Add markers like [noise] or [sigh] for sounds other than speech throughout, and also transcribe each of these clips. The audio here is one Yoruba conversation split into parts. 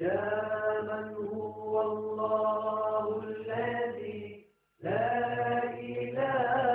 يا من هو الله الذي لا إله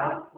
a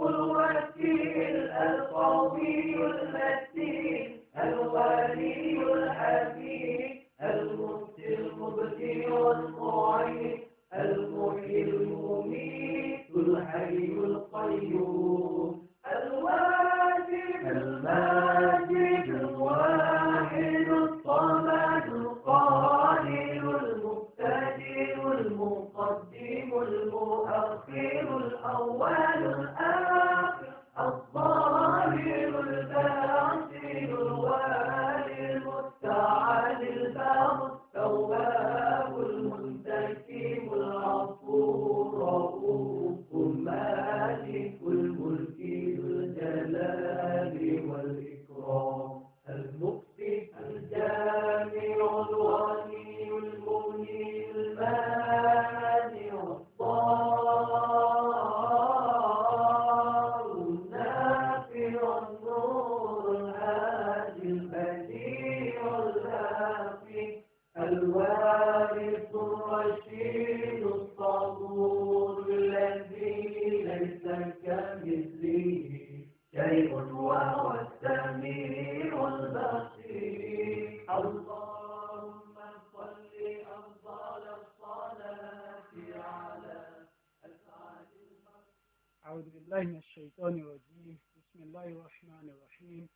أعوذ بالله من الشيطان الرجيم بسم الله الرحمن الرحيم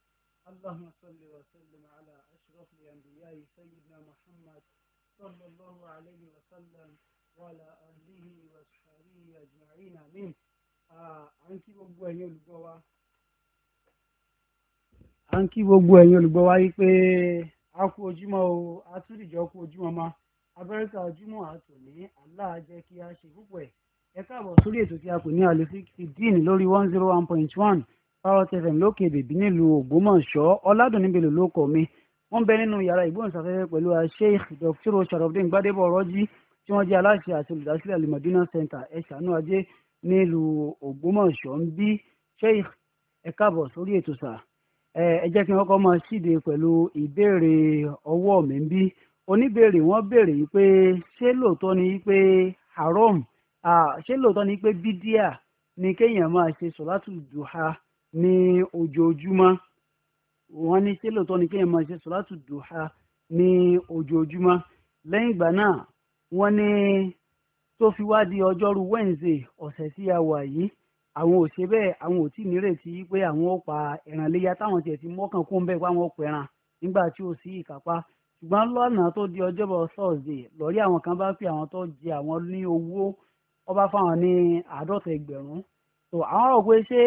اللهم صل وسلم على أشرف الأنبياء سيدنا محمد صلى الله عليه وسلم وعلى آله وصحبه أجمعين آمين à ń kí gbogbo ẹ̀yin olùgbọ́ wa à ń kí gbogbo ẹ̀yin olùgbọ́ wa yí pé a kú ojúmọ́ o a tún ẹ káàbọ̀ sórí ètò tí a pè ní alifik ti dín lórí one zero one point one parrot fm lókè bèbí nílùú ògbómọ̀ṣọ́ ọ̀làdùnníbẹ̀lẹ̀ ló kọ́ mi wọ́n bẹ nínú yàrá ìgbóhùnsáfẹ́fẹ́ pẹ̀lú sheikh dr sharafdin gbadebo ọ̀rọ̀jì tí wọ́n jẹ́ aláṣẹ àti olùdásílẹ̀ alimọ̀dínà center ẹ̀ṣánú ajé nílùú ògbómọ̀ṣọ́ ń bí sheikh ẹ káàbọ̀ sórí ètò sà ẹ jẹ́ kí wọ́n kọ́ máa ṣíde pẹ̀lú ìbéèrè ọwọ́ mi ń bí oníbèrè wọ́n béèrè yìí pé ṣé lóòótọ́ ni yìí pé haram ṣé lóòótọ́ ni pé bídíà ni kéèyàn máa ṣe so dùhà ní ojoojúmọ́ wọ́n ní ṣé lóòótọ́ ni kéèyàn máa ṣe sọ̀látù dùhà ní ojoojúmọ́ lẹ́yìn ìgbà náà wọ́n ní tó fi wá di ọjọ́rú Wednesday ọ̀sẹ̀ tí a wà yìí àwọn ò ṣe bẹ́ẹ̀ àwọn ò tí ì nírètí pé àwọn pa ti mọ́kàn kó ń bẹ́ẹ̀ pé àwọn nígbà tí ò sí di ọjọ́bọ̀ Thursday lọ́rí àwọn kan bá fi àwọn tó jẹ àwọn ní ọba fáwọn ní àádọ́ta ẹgbẹ̀rún so àwọn rò pé ṣé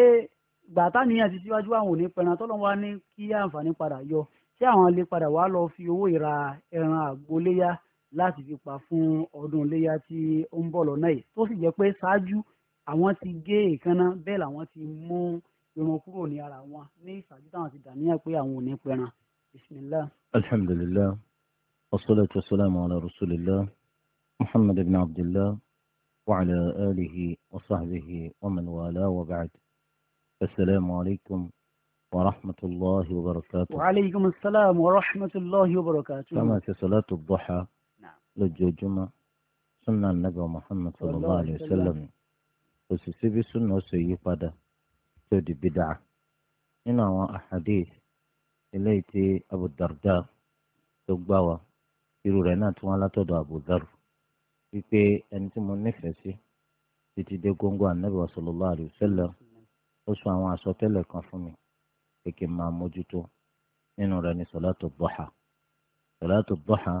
gbàtà nìyẹn ti síwájú àwọn òní pẹran tọ́lọ́wọ́ wá ní kí àǹfààní padà yọ ṣé àwọn lè padà wá lọ fi owó ìra ẹran àgbóléyà láti fi pa fún ọdún iléyà tí ó ń bọ̀ lọ́nà yìí tó sì jẹ́ pé ṣáájú àwọn ti gé èékánná bẹ́ẹ̀ làwọn ti mú irun kúrò ní ara wọn ní ìṣáájú táwọn ti dà níyà pé àwọn ò pẹran bismillah. alhamdulilayi wasalaatu wasalaamu ala ibn abdillah. وعلى آله وصحبه ومن والاه وبعد السلام عليكم ورحمة الله وبركاته وعليكم السلام ورحمة الله وبركاته كما في صلاة الضحى نعم للجمعة سنة النبي محمد صلى الله عليه وسلم وسيسيبي سنة سيفادة تودي بدعة هنا أحاديث إليتي أبو الدرداء تقبوا يرورنا توالا تدو أبو ذر wípé ẹni tí mo nífẹ̀ẹ́ sí títí dé góńgó ànábì sallallahu alaihi wasallam ó sọ àwọn àsọtẹ́lẹ̀ kan fún mi pé kí n máa mójútó nínú rẹ̀ ní sọ̀látò bọ́hà sọ̀látò bọ́hà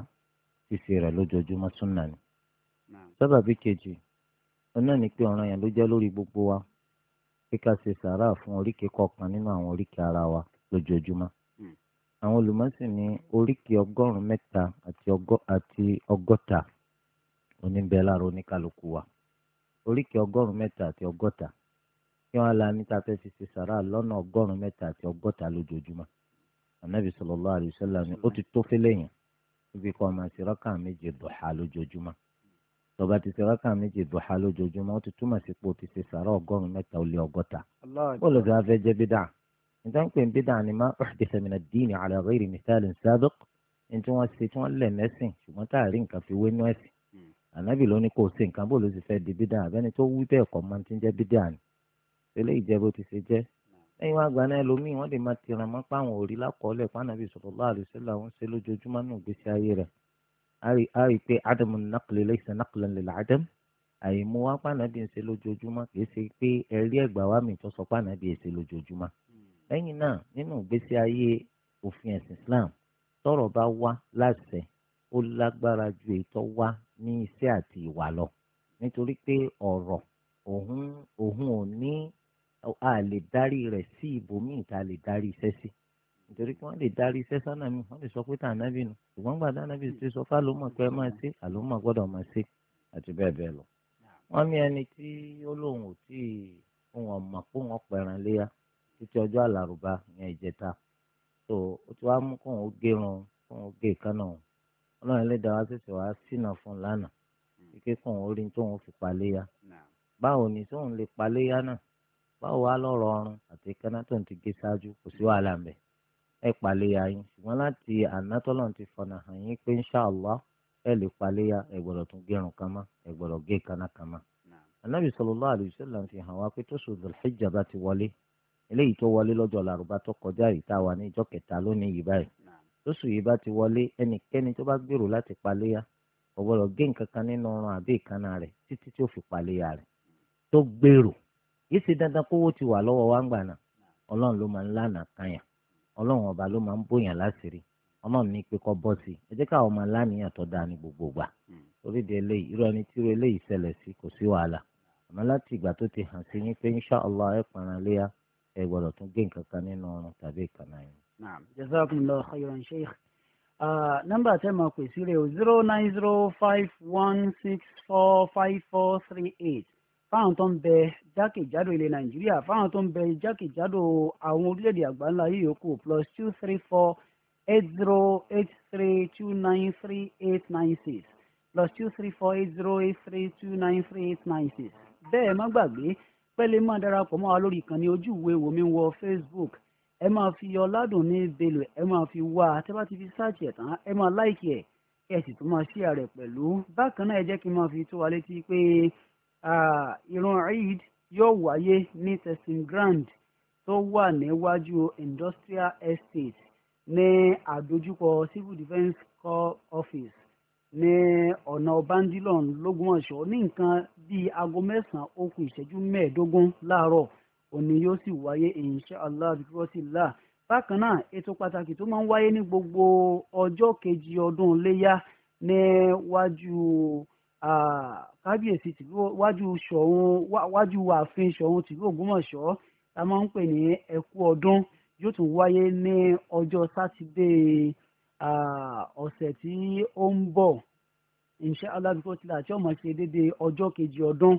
ṣíṣe rẹ̀ lójoojúmọ́ súnà ni. sábàbí kejì ọ̀nà ni pé ọ̀ràn yẹn ló jẹ́ lórí gbogbo wa pé ká ṣe sàárà fún oríkèé kọ̀ọ̀kan nínú àwọn oríkèé ara wa lójoojúmọ́. Hmm. àwọn olùmọ̀sìn ní oríkèé ọgọ́rùn-ún mẹ́ta àti ọgọ́ta oníbẹ̀ lára oníkálukú wa oríkì ọgọ́rùn mẹ́ta àti ọgọ́ta kí wọ́n la níta fẹ́ fi ṣe sàrà lọ́nà ọgọ́rùn mẹ́ta àti ọgọ́ta lójoojúmọ́ anabi sallallahu alaihi wasallam ni ó ti tó fẹ́lẹ́yìn ibi kan máa ṣe rákà méje dùhà lójoojúmọ́ tó bá ti ṣe rákà méje dùhà lójoojúmọ́ ó ti túmọ̀ sí pé ó ti ṣe sàrà ọgọ́rùn mẹ́ta ó lé ọgọ́ta bọ́ọ̀lù fi afẹ́ jẹ́ bídà níta tí wọ́n ṣe tí wọ́n ànábì ló ní kò sí nǹkan bó ló ti fẹ́ di bídà abẹ́ni tó wí bẹ́ẹ̀ kọ́ máa ń ti jẹ́ bídà ni eléyìí jẹ́ bó ti ṣe jẹ́ lẹ́yìn wá gbaná ẹlòmíì wọ́n lè máa tiran mọ́ páwọn òrí lákọọ́lẹ̀ fánàbì sallallahu alaihi wasallam ń ṣe lójoojúmọ́ nù gbèsè ayé rẹ̀ á rí i pé ádámù nàkùlẹ̀ laysa nàkùlẹ̀ lè ládámù àyèmú wá pànàbì ń ṣe lójoojúmọ́ kì í ṣe pé ẹ̀rí ẹ̀gbà wá mi tó sọ pànàbì ń ṣe lójoojúmọ́ lẹ́yìn náà nínú ìgbésí ayé òfin ẹ̀sìn Islam tọ́rọ̀ bá wá láṣẹ ó lágbára ju èyí wá ní iṣẹ́ àti ìwà lọ nítorí pé ọ̀rọ̀ òun òun ò ní a lè darí rẹ̀ sí ibòmíì tá a lè darí iṣẹ́ sí nítorí pé wọ́n lè darí iṣẹ́ sọ́nà mi wọ́n lè sọ pé tànàbì nù ṣùgbọ́n gbà tànàbì ti sọ fún àlómọ̀ pé ẹ máa ṣe àlómọ̀ gbọ́dọ̀ máa ṣe àti bẹ́ẹ̀ bẹ́ẹ̀ lọ. wọ́n ní ẹni tí ó lóun ò tí òun ọ̀mà pé wọ́n pẹ̀ràn léyà títí ọjọ́ àlàrúbá ìyẹn ìjẹta tó o ti wá mú kóun ó gé irun kóun ó gé ìkánná òun ọlọ́run ẹlẹ́dàá wa ṣẹ̀ṣẹ̀ wá ṣìnà fún un lánàá ike kan orin tóun fi paléyà báwo ni tóun lè paléyà náà báwo wá lọ́rọ̀ ọrùn àti kẹ́nà tóun ti gé ṣáájú kò sí wàhálà ń bẹ̀ ẹ paléyà yín ṣùgbọ́n láti ànátọ́lọ́ ti fọ̀nà hàn yín pé inṣàlá ẹ lè paléyà ẹ gbọ́dọ̀ tún gẹrun kan mọ́ ẹ gbọ́dọ̀ gé kaná kan mọ́. anabi sallallahu alaihi wasallam fi hàn wá pé tó sùn Dhul-Hijja ti wọlé eléyìí tó wọlé lọ́jọ́ làrúbá tó kọjá yìí tá ní ìjọ kẹta lónìí yìí báyìí tóṣù yìí bá ti wọlé ẹnikẹ́ni tó bá gbèrò láti paléyà kò gbọ́dọ̀ gé nǹkan nínú ọrùn àbí ìkànnà rẹ̀ títí tí ó fi paléyà rẹ̀ tó gbèrò yìí ṣe dandan kówó ti wà lọ́wọ́ wa ọlọ́run ọba ló máa ń bóyàn láṣìírí ọlọ́run ní pé kọ́ bọ́ sí i ẹ jẹ́ tó dáa ní gbogbo gbà hmm. eléyìí ti hàn sí pé ẹ̀ pàrọ̀ léyà ẹ gbọ́dọ̀ tún gé nǹkan naam jazakumullahu khairan sheikh nọ́mbà tẹ́ máa pè sí rẹ̀ o zero nine zero five one six four five four three eight fáwọn tó ń bẹ jákèjádò ilẹ̀ nàìjíríà fáwọn tó ń bẹ jákèjádò àwọn orílẹ̀-èdè àgbáńlá yìí yòókù plus two three four eight zero eight three two nine three eight nine six plus two three four eight zero eight three two nine three eight nine six bẹ́ẹ̀ má gbàgbé pẹ́lẹ́ máa darapọ̀ mọ́ wa lórí ìkànnì ojú ìwé wòmí wọ Facebook ẹ máa fi ọládùnní belò ẹ máa fi wá a tẹ́ bá ti fi sáàtì ẹ̀ tán ẹ máa láìkì ẹ̀ ẹ sì tún máa ṣíà rẹ̀ pẹ̀lú bákan náà ẹ jẹ́ kí n máa fi tó wa létí pé ìran eid yóò wáyé ní testing ground tó wà níwájú industrial estate ní àdójúkọ civil defence corps office ní ọ̀nà bandilon lógúnmọ̀ṣọ́ ní nǹkan bíi aago mẹ́sàn-án ó ìṣẹ́jú mẹ́ẹ̀ẹ́dógún láàárọ̀ òní yóò sì wáyé insha allah bíkọ́sílà bákan náà ètò pàtàkì tó máa ń wáyé ní gbogbo ọjọ́ kejì ọdún léyà níwájú kábíyèsí tìlú wájú ṣọ̀ún wájú ààfin ṣọ̀ún tìlú ògbómọ̀ṣọ́ tá máa ń pè ní ẹkú ọdún yóò tún wáyé ní ọjọ́ sátidé ọ̀sẹ̀ tí ó ń bọ̀ insha allah bíkọ́sílà tí ó máa ṣe déédéé ọjọ́ kejì ọdún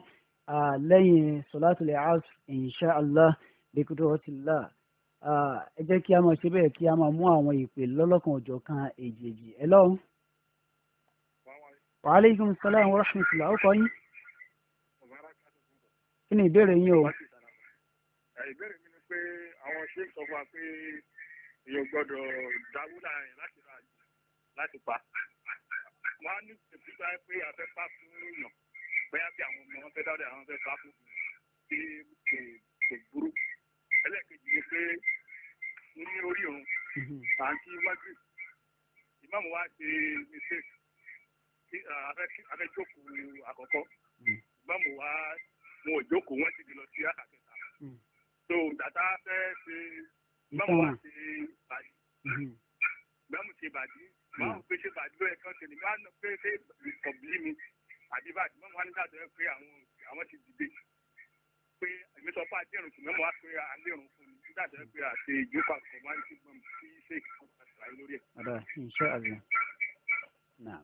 lẹ́yìn sọ̀látù lè out insha allah bi qudratillah ẹ jẹ́ kí a máa ṣe bẹ́ẹ̀ kí a máa mú àwọn ìpè lọ́lọ́kan òjọ̀ kan èjèèjì ẹ lọ́hùn. wa alaikum salaam wa rahmatullah ó kọ́ yín. kí ni ìbéèrè yín o. ìbéèrè mi ni pé àwọn ṣe ń sọ fún wa pé èèyàn gbọ́dọ̀ dáwó láàrin láti ra láti pa. wọ́n á ní ìpínlẹ̀ pé afẹ́fà fún yàn bóyá bí àwọn ọmọ wọn fẹ́ dáwọ́dà àwọn fẹ́ fà fún kí kò kò burú ẹlẹ́ẹ̀kejì ni pé ní orí òun à ń kí wájú ìmáàmù wa ṣe mistake afẹ́jókòó àkọ́kọ́ hmm. ìmáàmù wa wọn ò jókòó wọ́n ti di lọ sí àkàkẹ́ta hmm. so tata fẹ́ ṣe ìmáàmù wa ṣe bàjẹ́ hmm. ìmáàmù ṣe bàjẹ́ ìmáàmù pé ṣe bàjẹ́ lóye kan ṣe ni ìmáàmù pé ṣe kọ̀bílì mi àdébàdì mọ́mọ́ wa nígbà tó yẹ pé àwọn àwọn ti dìde pé èmi sọ pé àdéhùn kì mọ́mọ́ wa pé àdéhùn fún mi nígbà tó yẹ pé àti ìjókòó àkọ́kọ́ máa ń ti gbọ́n sí iṣẹ́ ìkọ́kọ́ lórí ẹ̀. ọ̀dà iṣẹ́ àgbẹ̀ náà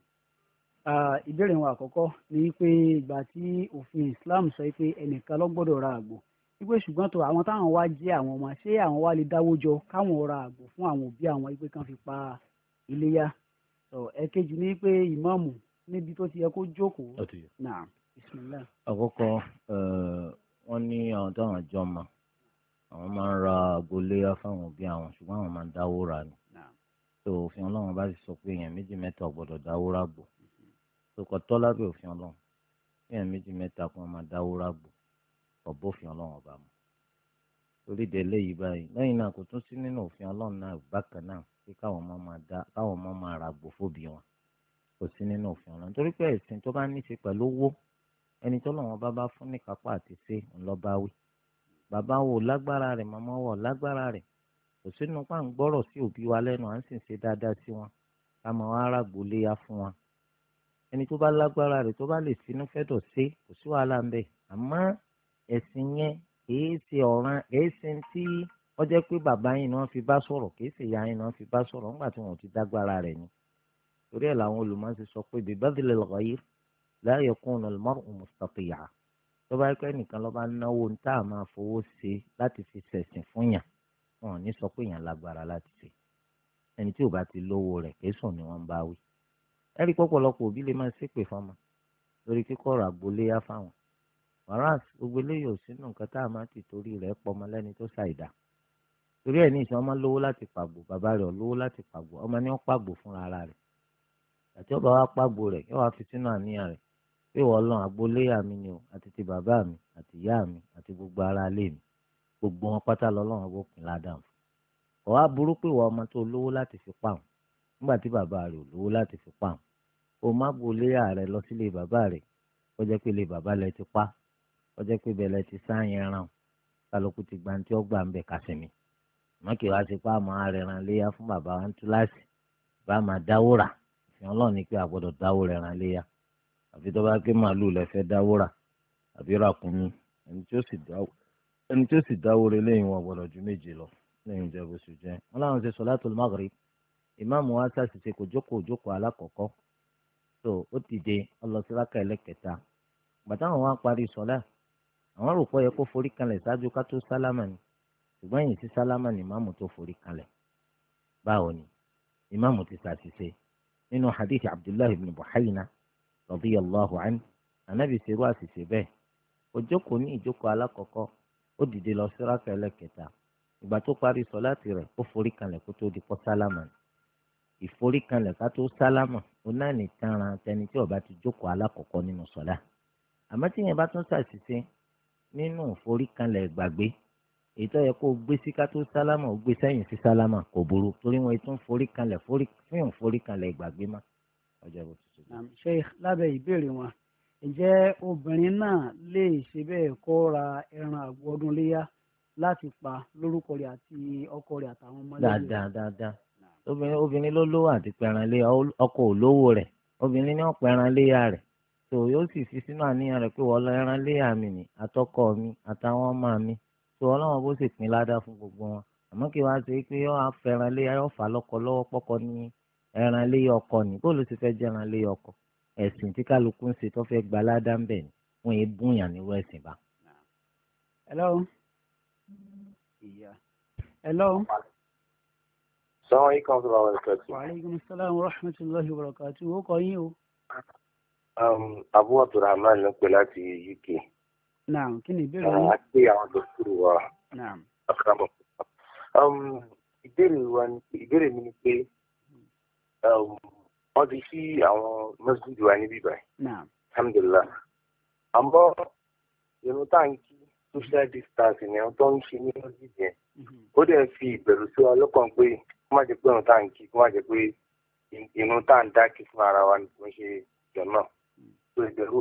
ìbéèrè wọn àkọ́kọ́ ni pé ìgbà tí òfin Islam sọ pé ẹnìkan ló gbọ́dọ̀ ra àgbò wípé ṣùgbọ́n tó àwọn táwọn wá jẹ́ àwọn ọmọ ṣé àwọn wá lè dáwó jọ káwọn ra àgbò fún àwọn òbí àwọn wípé kan fi pa iléyà ẹ̀kejì ni pé ìmáàmù níbi tó ti yẹ kó jókòó. náà bismillah. àkọ́kọ́ wọ́n ní àwọn táwọn jọ mọ̀ àwọn máa ń ra agolé fáwọn òbí àwọn ṣùgbọ́n àwọn máa ń dáwó ra ni tó òfin ọlọ́run bá sì sọ pé èèyàn méjì mẹ́ta gbọ́dọ̀ dáwó ra bò tó kọ́ tọ́ lábẹ́ òfin ọlọ́run èèyàn méjì mẹ́ta kan máa dáwó ra bò ọ̀bọ̀ òfin ọlọ́run ọba mu torí de eléyìí báyìí lẹ́yìn náà kò tún sí nínú òfin ọlọ́run náà bákan náà pé káwọn ọmọ máa kò sí nínú òfin ọ̀rọ̀ nítorí pé ẹ̀sìn tó bá ní í ṣe pẹ̀lú owó ẹni tó lọ́wọ́ bá bá fún ní kápá àti ṣe ńlọ́báwí bàbá wo lágbára rẹ̀ màmá wo lágbára rẹ̀ kò sínú pa ń gbọ́rọ̀ sí òbí wa lẹ́nu à ń sì ń ṣe dáadáa sí wọn ká mọ ara gbòléya fún wọn ẹni tó bá lágbára rẹ̀ tó bá lè sínú fẹ́dọ̀ ṣe kò sí wàhálà ń bẹ àmọ́ ẹ̀sìn yẹn kìí ṣe ọ̀ràn kìí ṣe tí wọ́n jẹ́ pé bàbá yìí ni wọ́n fi bá sọ̀rọ̀ kìí ṣe ìyá yìí ni wọ́n fi bá sọ̀rọ̀ nígbà tí wọ́n ti dágbára rẹ̀ ni torí ẹ̀ làwọn olùmọ̀ ti sọ pé bíbélì lọ́yìí láàyè kún un lọ́rùn mùsàkìyà tó bá pẹ́ nìkan lọ́ba náwó ń tá a máa fowó ṣe láti fi ṣẹ̀sìn fún yàn wọn ò ní sọ pé yàn lágbára láti ṣe ẹni tí ò bá ti lówó rẹ̀ kéṣùn ni wọ́n ń bá wí. ẹ̀rí pọ̀pọ̀lọpọ̀ òbí lè máa ṣépè fọmọ lórí kíkọ́rọ̀ àgbóléyá fáwọn wàhálà gbogbo eléyìí ò sínú nǹkan tá a máa ti torí rẹ̀ pọmọ lẹ́ni tó ṣàìdá torí ẹ̀ ní ìṣọ́ lówó láti pàgbò bàbá rẹ̀ lówó láti pàgbò ọmọ ni wọ́n pàgbò fúnra rẹ̀ àti ọba wa pàgbò rẹ̀ yóò wá fi sínú àníyàn rẹ̀ pé wọ́n lọ́n agboléyà mi ni o àti ti bàbá mi àti ìyá mi àti gbogbo ara ilé mi gbogbo wọn pátá lọ́lọ́run bó pin ládàá fún ọ wá burú pé ìwọ ọmọ tó lówó láti fi pa òun nígbà tí bàbá rẹ̀ ò lówó láti fi pa òun o má gboléyà rẹ̀ lọ sílé bàbá rẹ̀ ó jẹ́ pé ilé bàbá lẹ ti pa ó jẹ́ pé bẹ̀lẹ̀ ti sáyẹn ràn kálukú ti gba tí ó gbà ń bẹ̀ kásìmì mọ́kì wá ti pa àmọ́ arẹ̀ràn léyà fún bàbá wa ń tú láti bá máa dáwó rà òfin ọlọ́run ni pé àgbọ̀dọ̀ dáwó rẹ̀ ràn léyà àfi tó bá pé màálù lẹ fẹ́ dáwó rà àbí ràkúnmí ẹni tí ó sì dáwó rẹ̀ lẹ́yìn wọn àgbọ̀dọ̀ ju méje lọ lẹ́yìn ìjọba oṣù jẹ́ wọn láwọn ṣe sọ̀látul maghrib ìmáàmù wa ṣàṣìṣe kò jókòó jókòó alákọ̀ọ́kọ́ tó ó dìde ọlọsíláka ẹlẹ́kẹta gbàtàwọn wa parí sọ̀lá àwọn rò pé yẹ kó forí kanlẹ̀ ṣáájú ká tó sálámà ṣùgbọ́n yìí sí sálámà ìmáàmù tó forí kanlẹ̀ báwo ni ìmáàmù ti ṣàṣìṣe nínú hadith abdullahi ibn buhayna radiyallahu anhu anabi ṣerú àṣìṣe bẹ́ẹ̀ ó jókòó ní ìjókòó alákọ̀ọ́kọ́ ó dìde lọ sí rákà ẹlẹ́kẹta ìgbà tó parí sọláàtì rẹ̀ ó forí kanlẹ̀ kó tó di pọ́ sálámà ìforí kanlẹ̀ ká tó sálámà ó náà ní tanra tẹni tí ó bá ti jókòó alákọ̀ọ́kọ́ nínú sọlá àmọ́ tí yẹn bá tún ṣàṣìṣe nínú ìforí kanlẹ̀ gbàgbé èyí tó yẹ kó gbé sí ká tó sálámà ó gbé sẹ́yìn sí sálámà kò burú torí wọn tún forí kanlẹ̀ forí fíhùn forí kanlẹ̀ ìgbàgbé má. ọjọ́ bó ti sọ. sheikh lábẹ́ ìbéèrè wọn ǹjẹ́ obìnrin náà lè ṣe bẹ́ẹ̀ kó ra ẹran àgbo ọdún léyà láti pa lórúkọ rẹ̀ àti ọkọ rẹ̀ àtàwọn ọmọ lẹ́yìn rẹ̀. dáadáa dáadáa obìnrin obìnrin ló lówó àti pẹran lé ọkọ olówó rẹ̀ obìnrin ní ọpẹran léyà rẹ̀ tó yóò sì fi sínú àníyàn rẹ̀ pé wọ́n lọ ẹran léyà mi ni àtọkọ mi àtàwọn ọmọ mi sọ ọlọ́wọ́n bó sì pín ládàá fún gbogbo wọn àmọ́ kí wọ́n á ṣe pé yọ afẹ́ràn lé yọ fà lọ́kọ lọ́wọ́ pọ́kọ ní ẹran lé ọkọ ní bó ló ti fẹ́ jẹran lé ọkọ ẹ̀sìn tí kálukú ń ṣe tó fẹ́ gba ládàá ń bẹ̀ ni wọ́n yé búyàn nírú ẹ̀sìn bá. hello. hello. sọ́wọ́n yìí kan sọ̀rọ̀ àwọn ẹ̀ka tí. wa alaikum salaam wa rahmatullahi wa barakatuh ó kọ yín o. Um, abu abdulrahman ló pè láti UK naam kí ni ìbéèrè yín. a pé àwọn dókítà wa akramọ. Um, ìbéèrè wa ìbéèrè mi ni pé um, wọ́n ti sí àwọn mọ́sídìí wa níbí báyìí. alhamdulilah àmọ́ irun tá à ń kí social distancing ẹ̀hún tó ń ṣe ní mọ́sídìí yẹn mhm. ó dẹ̀ fi ìbẹ̀rù sí wa lọ́kàn pé kó má jẹ́ pé irun tá à ń kí kó má jẹ́ pé ara wa ni kò ṣe jọ náà. Mhm. ìbẹ̀rù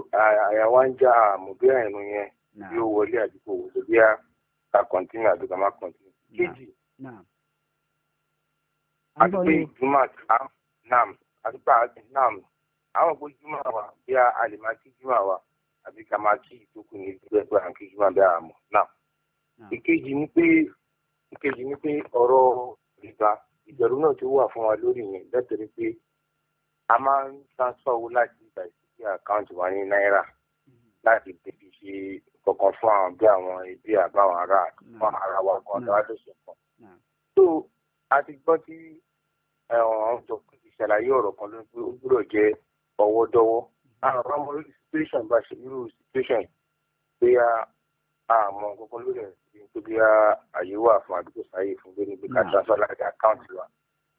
àyà wa ń já àmọ̀ bí àìrùn yẹn bí ó wọlé àbí kò wọlé bí a ka kọ́ntínú àbí ká má kọ́ntínú. kejì àti pé ìjùmọ̀ nam àti pé nam àwọn ògbó jùmọ̀ wa bí a lè máa kí jùmọ̀ wa àbí ká máa kí ìtókù ní ìdílé pé à ń kí jùmọ̀ bí a mọ̀ nam. ìkejì ni pé ìkejì ni pé ọ̀rọ̀ ìgbà ìjọ̀rú náà ti wà fún wa lórí yẹn lẹ́tọ̀rí pé a máa ń transfer owó láti ìgbà ìsìnkú àkáǹtì wa ní náírà mm-hmm. láti tẹ̀lé ṣe kankan fún àwọn bí àwọn ẹbí àbáwọn ará hmm. fún ara wa kan tó wá lè ṣe fún. tó hmm. a ti gbọ́ tí ọ̀hún tó ìṣàlàyé ọ̀rọ̀ kan ló pé ó gbúdọ̀ jẹ́ ọwọ́dọ́wọ́ hmm. àwọn ọmọ lórí situation bá ṣe irú situation a àmọ́ kankan lórí ẹ̀ tó bí àyè wà fún àdúgbò sáyè fún lórí bí ká transfer láti àkáǹtì wa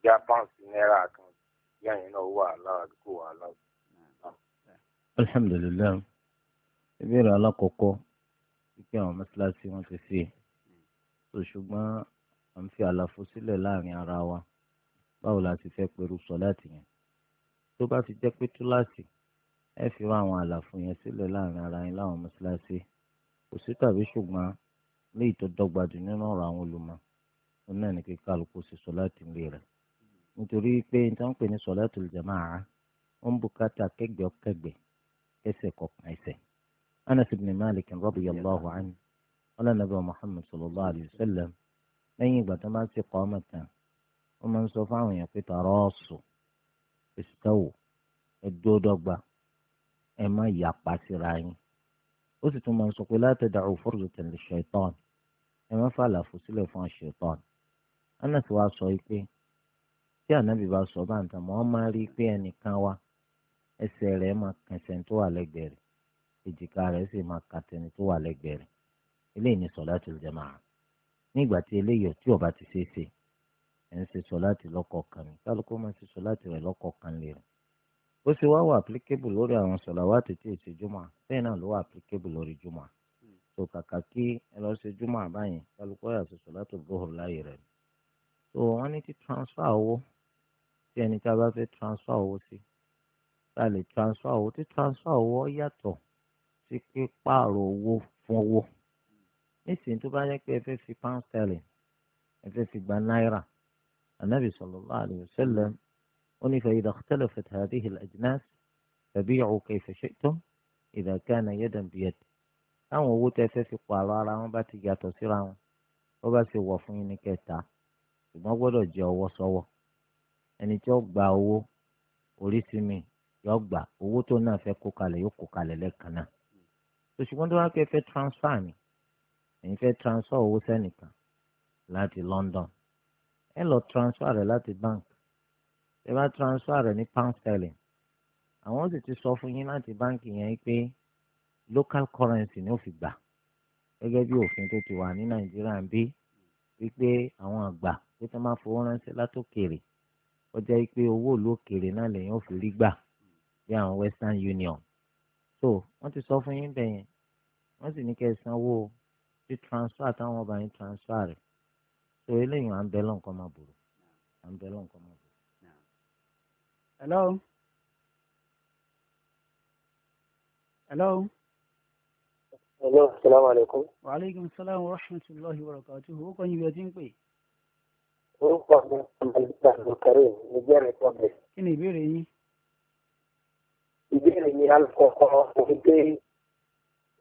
bí a pounds náírà àkáǹtì bí àyè náà wà láwọn àdúgbò wà láwọn. alhamdulilayi ìbéèrè alákọ̀ọ́kọ́ pé àwọn mọ́ṣáláṣí wọn ti fi so ṣùgbọ́n à ń fi àlàfo sílẹ̀ láàrin ara wa báwo la ti fẹ́ pẹ̀lú sọ́láàtì yẹn tó bá ti jẹ́ pé túláàsì ẹ fi wá àwọn àlàfo yẹn sílẹ̀ láàrin ara yín láwọn mọ́ṣáláṣí kò sí tàbí ṣùgbọ́n léyìí tó dọ́gba nínú ọ̀rọ̀ àwọn olùmọ̀ òun náà ní kí kálukú ṣe sọ́láàtì ń lè rẹ̀ nítorí pé n táwọn pè ní sọ́láàtì lè jẹ́ máa ń bùkátà kẹgbẹ́ kẹgbẹ́ ẹsẹ̀ kọ̀ọ̀kan ẹsẹ̀ anas ibn malik radiyallahu anhu ọlọ́nàbẹ́ muhammed sallallahu alayhi wa sallam lẹ́yìn ìgbà tó máa ń ti kọ́ ọmọ tán wọ́n máa ń sọ fáwọn èèyàn pé tàrọ́ọ̀sù ìsítẹ́wò ẹ̀dọ́dọ́gba ẹ má yàpá síra yín ó sì tún máa ń sọ pé la tada'u furjatan lish-shaytan ẹ má fàlàfò sílẹ̀ fún ash-shaytan anas wa sọ pé tí ànábì bá sọ bá ń tàn mọ́ ọ́n máa rí i pé ẹnìkan wa ẹsẹ̀ rẹ̀ máa kẹsẹ̀ tó wà lẹ́gbẹ̀ẹ́ rẹ̀ èjìká rẹ̀ sì máa ka tẹni tó wà lẹ́gbẹ̀ẹ́ rẹ̀ eléyìí ni sọ̀láàtul jàmáà nígbà tí eléyìí tí ó bá ti ṣe é ṣe ẹ̀ ń ṣe sọ̀láàtì lọ́kọ̀ọ̀kan ni kálukú máa ṣe sọ̀láàtì rẹ̀ lọ́kọ̀ọ̀kan lè rìn ó ṣe wá wà applicable lórí àwọn sọ̀làwátì tí èsì jùmọ̀ bẹ́ẹ̀ náà ló wà applicable lórí jùmọ̀ tó kàkà kí ẹ lọ ṣe jùmọ̀ àbáyìn kálukú yà ṣe sọ̀láàtì gbóhùn láàyè rẹ̀ tó wọ́n ní ti transfer owó tí ẹni tí a bá fẹ́ transfer owó sí tá a lè transfer owó tí transfer owó yàtọ̀ sí pípààrọ̀ owó fún owó nísìnyí tó bá yẹ pé ẹ fẹ́ fi pound sterling ẹ fẹ́ fi gba náírà anabi sallallahu alayhi wa sallam ó ní fa idha ikhtalafat hadhihi al-ajnas fabi'u kayfa shi'tum idha kana yadan biyad táwọn owó tẹ fẹ́ fi pààrọ̀ ara wọn bá ti yàtọ̀ síra wọn wọ́n bá ṣe wọ̀ fún yín ní kẹta ṣùgbọ́n gbọ́dọ̀ jẹ ọwọ́ sọ́wọ́ ẹni tí ó gba owó oríṣi mi yọ gbà owó tó náà fẹ́ kó kalẹ̀ yóò kó kalẹ̀ lẹ́ẹ̀kan náà ṣùgbọ́n tó wá pé fẹ́ transfer ni ẹ̀yin fẹ́ transfer owó sẹ́nìkan láti London ẹ lọ transfer rẹ̀ láti bank ẹ bá transfer rẹ̀ ní pound sterling àwọn sì ti sọ fún yín láti báǹkì yẹn pé local currency ni ó fi gbà gẹ́gẹ́ bí òfin tó ti wà ní Nàìjíríà ń bí wípé àwọn àgbà pé tó máa fowó ránṣẹ́ látòkèrè ó jẹ́ pé owó ìlú òkèrè náà lèyìn ó fi rí gbà bí àwọn Western Union so wọ́n ti sọ fún yín bẹ́ẹ̀ yẹn wọ́n sì ní kẹ́ sanwó tí transfer táwọn ọba yín transfer rẹ̀ so eléyìí à ń bẹ lọ́nkọ́ máa bòrò à ń bẹ lọ́nkọ́ máa bòrò. hello. hello. hello salaamu alaykum. wa aleykum salaam wa rahmatulahi wa barakatuhu o kàn yín bí ẹ ń pè. orúkọ mi ọmọ ìgbà ló kẹrin Niger Republic. kí ni ìbéèrè yín ìbéèrè mi alákọ̀ọ́kọ́ òun pé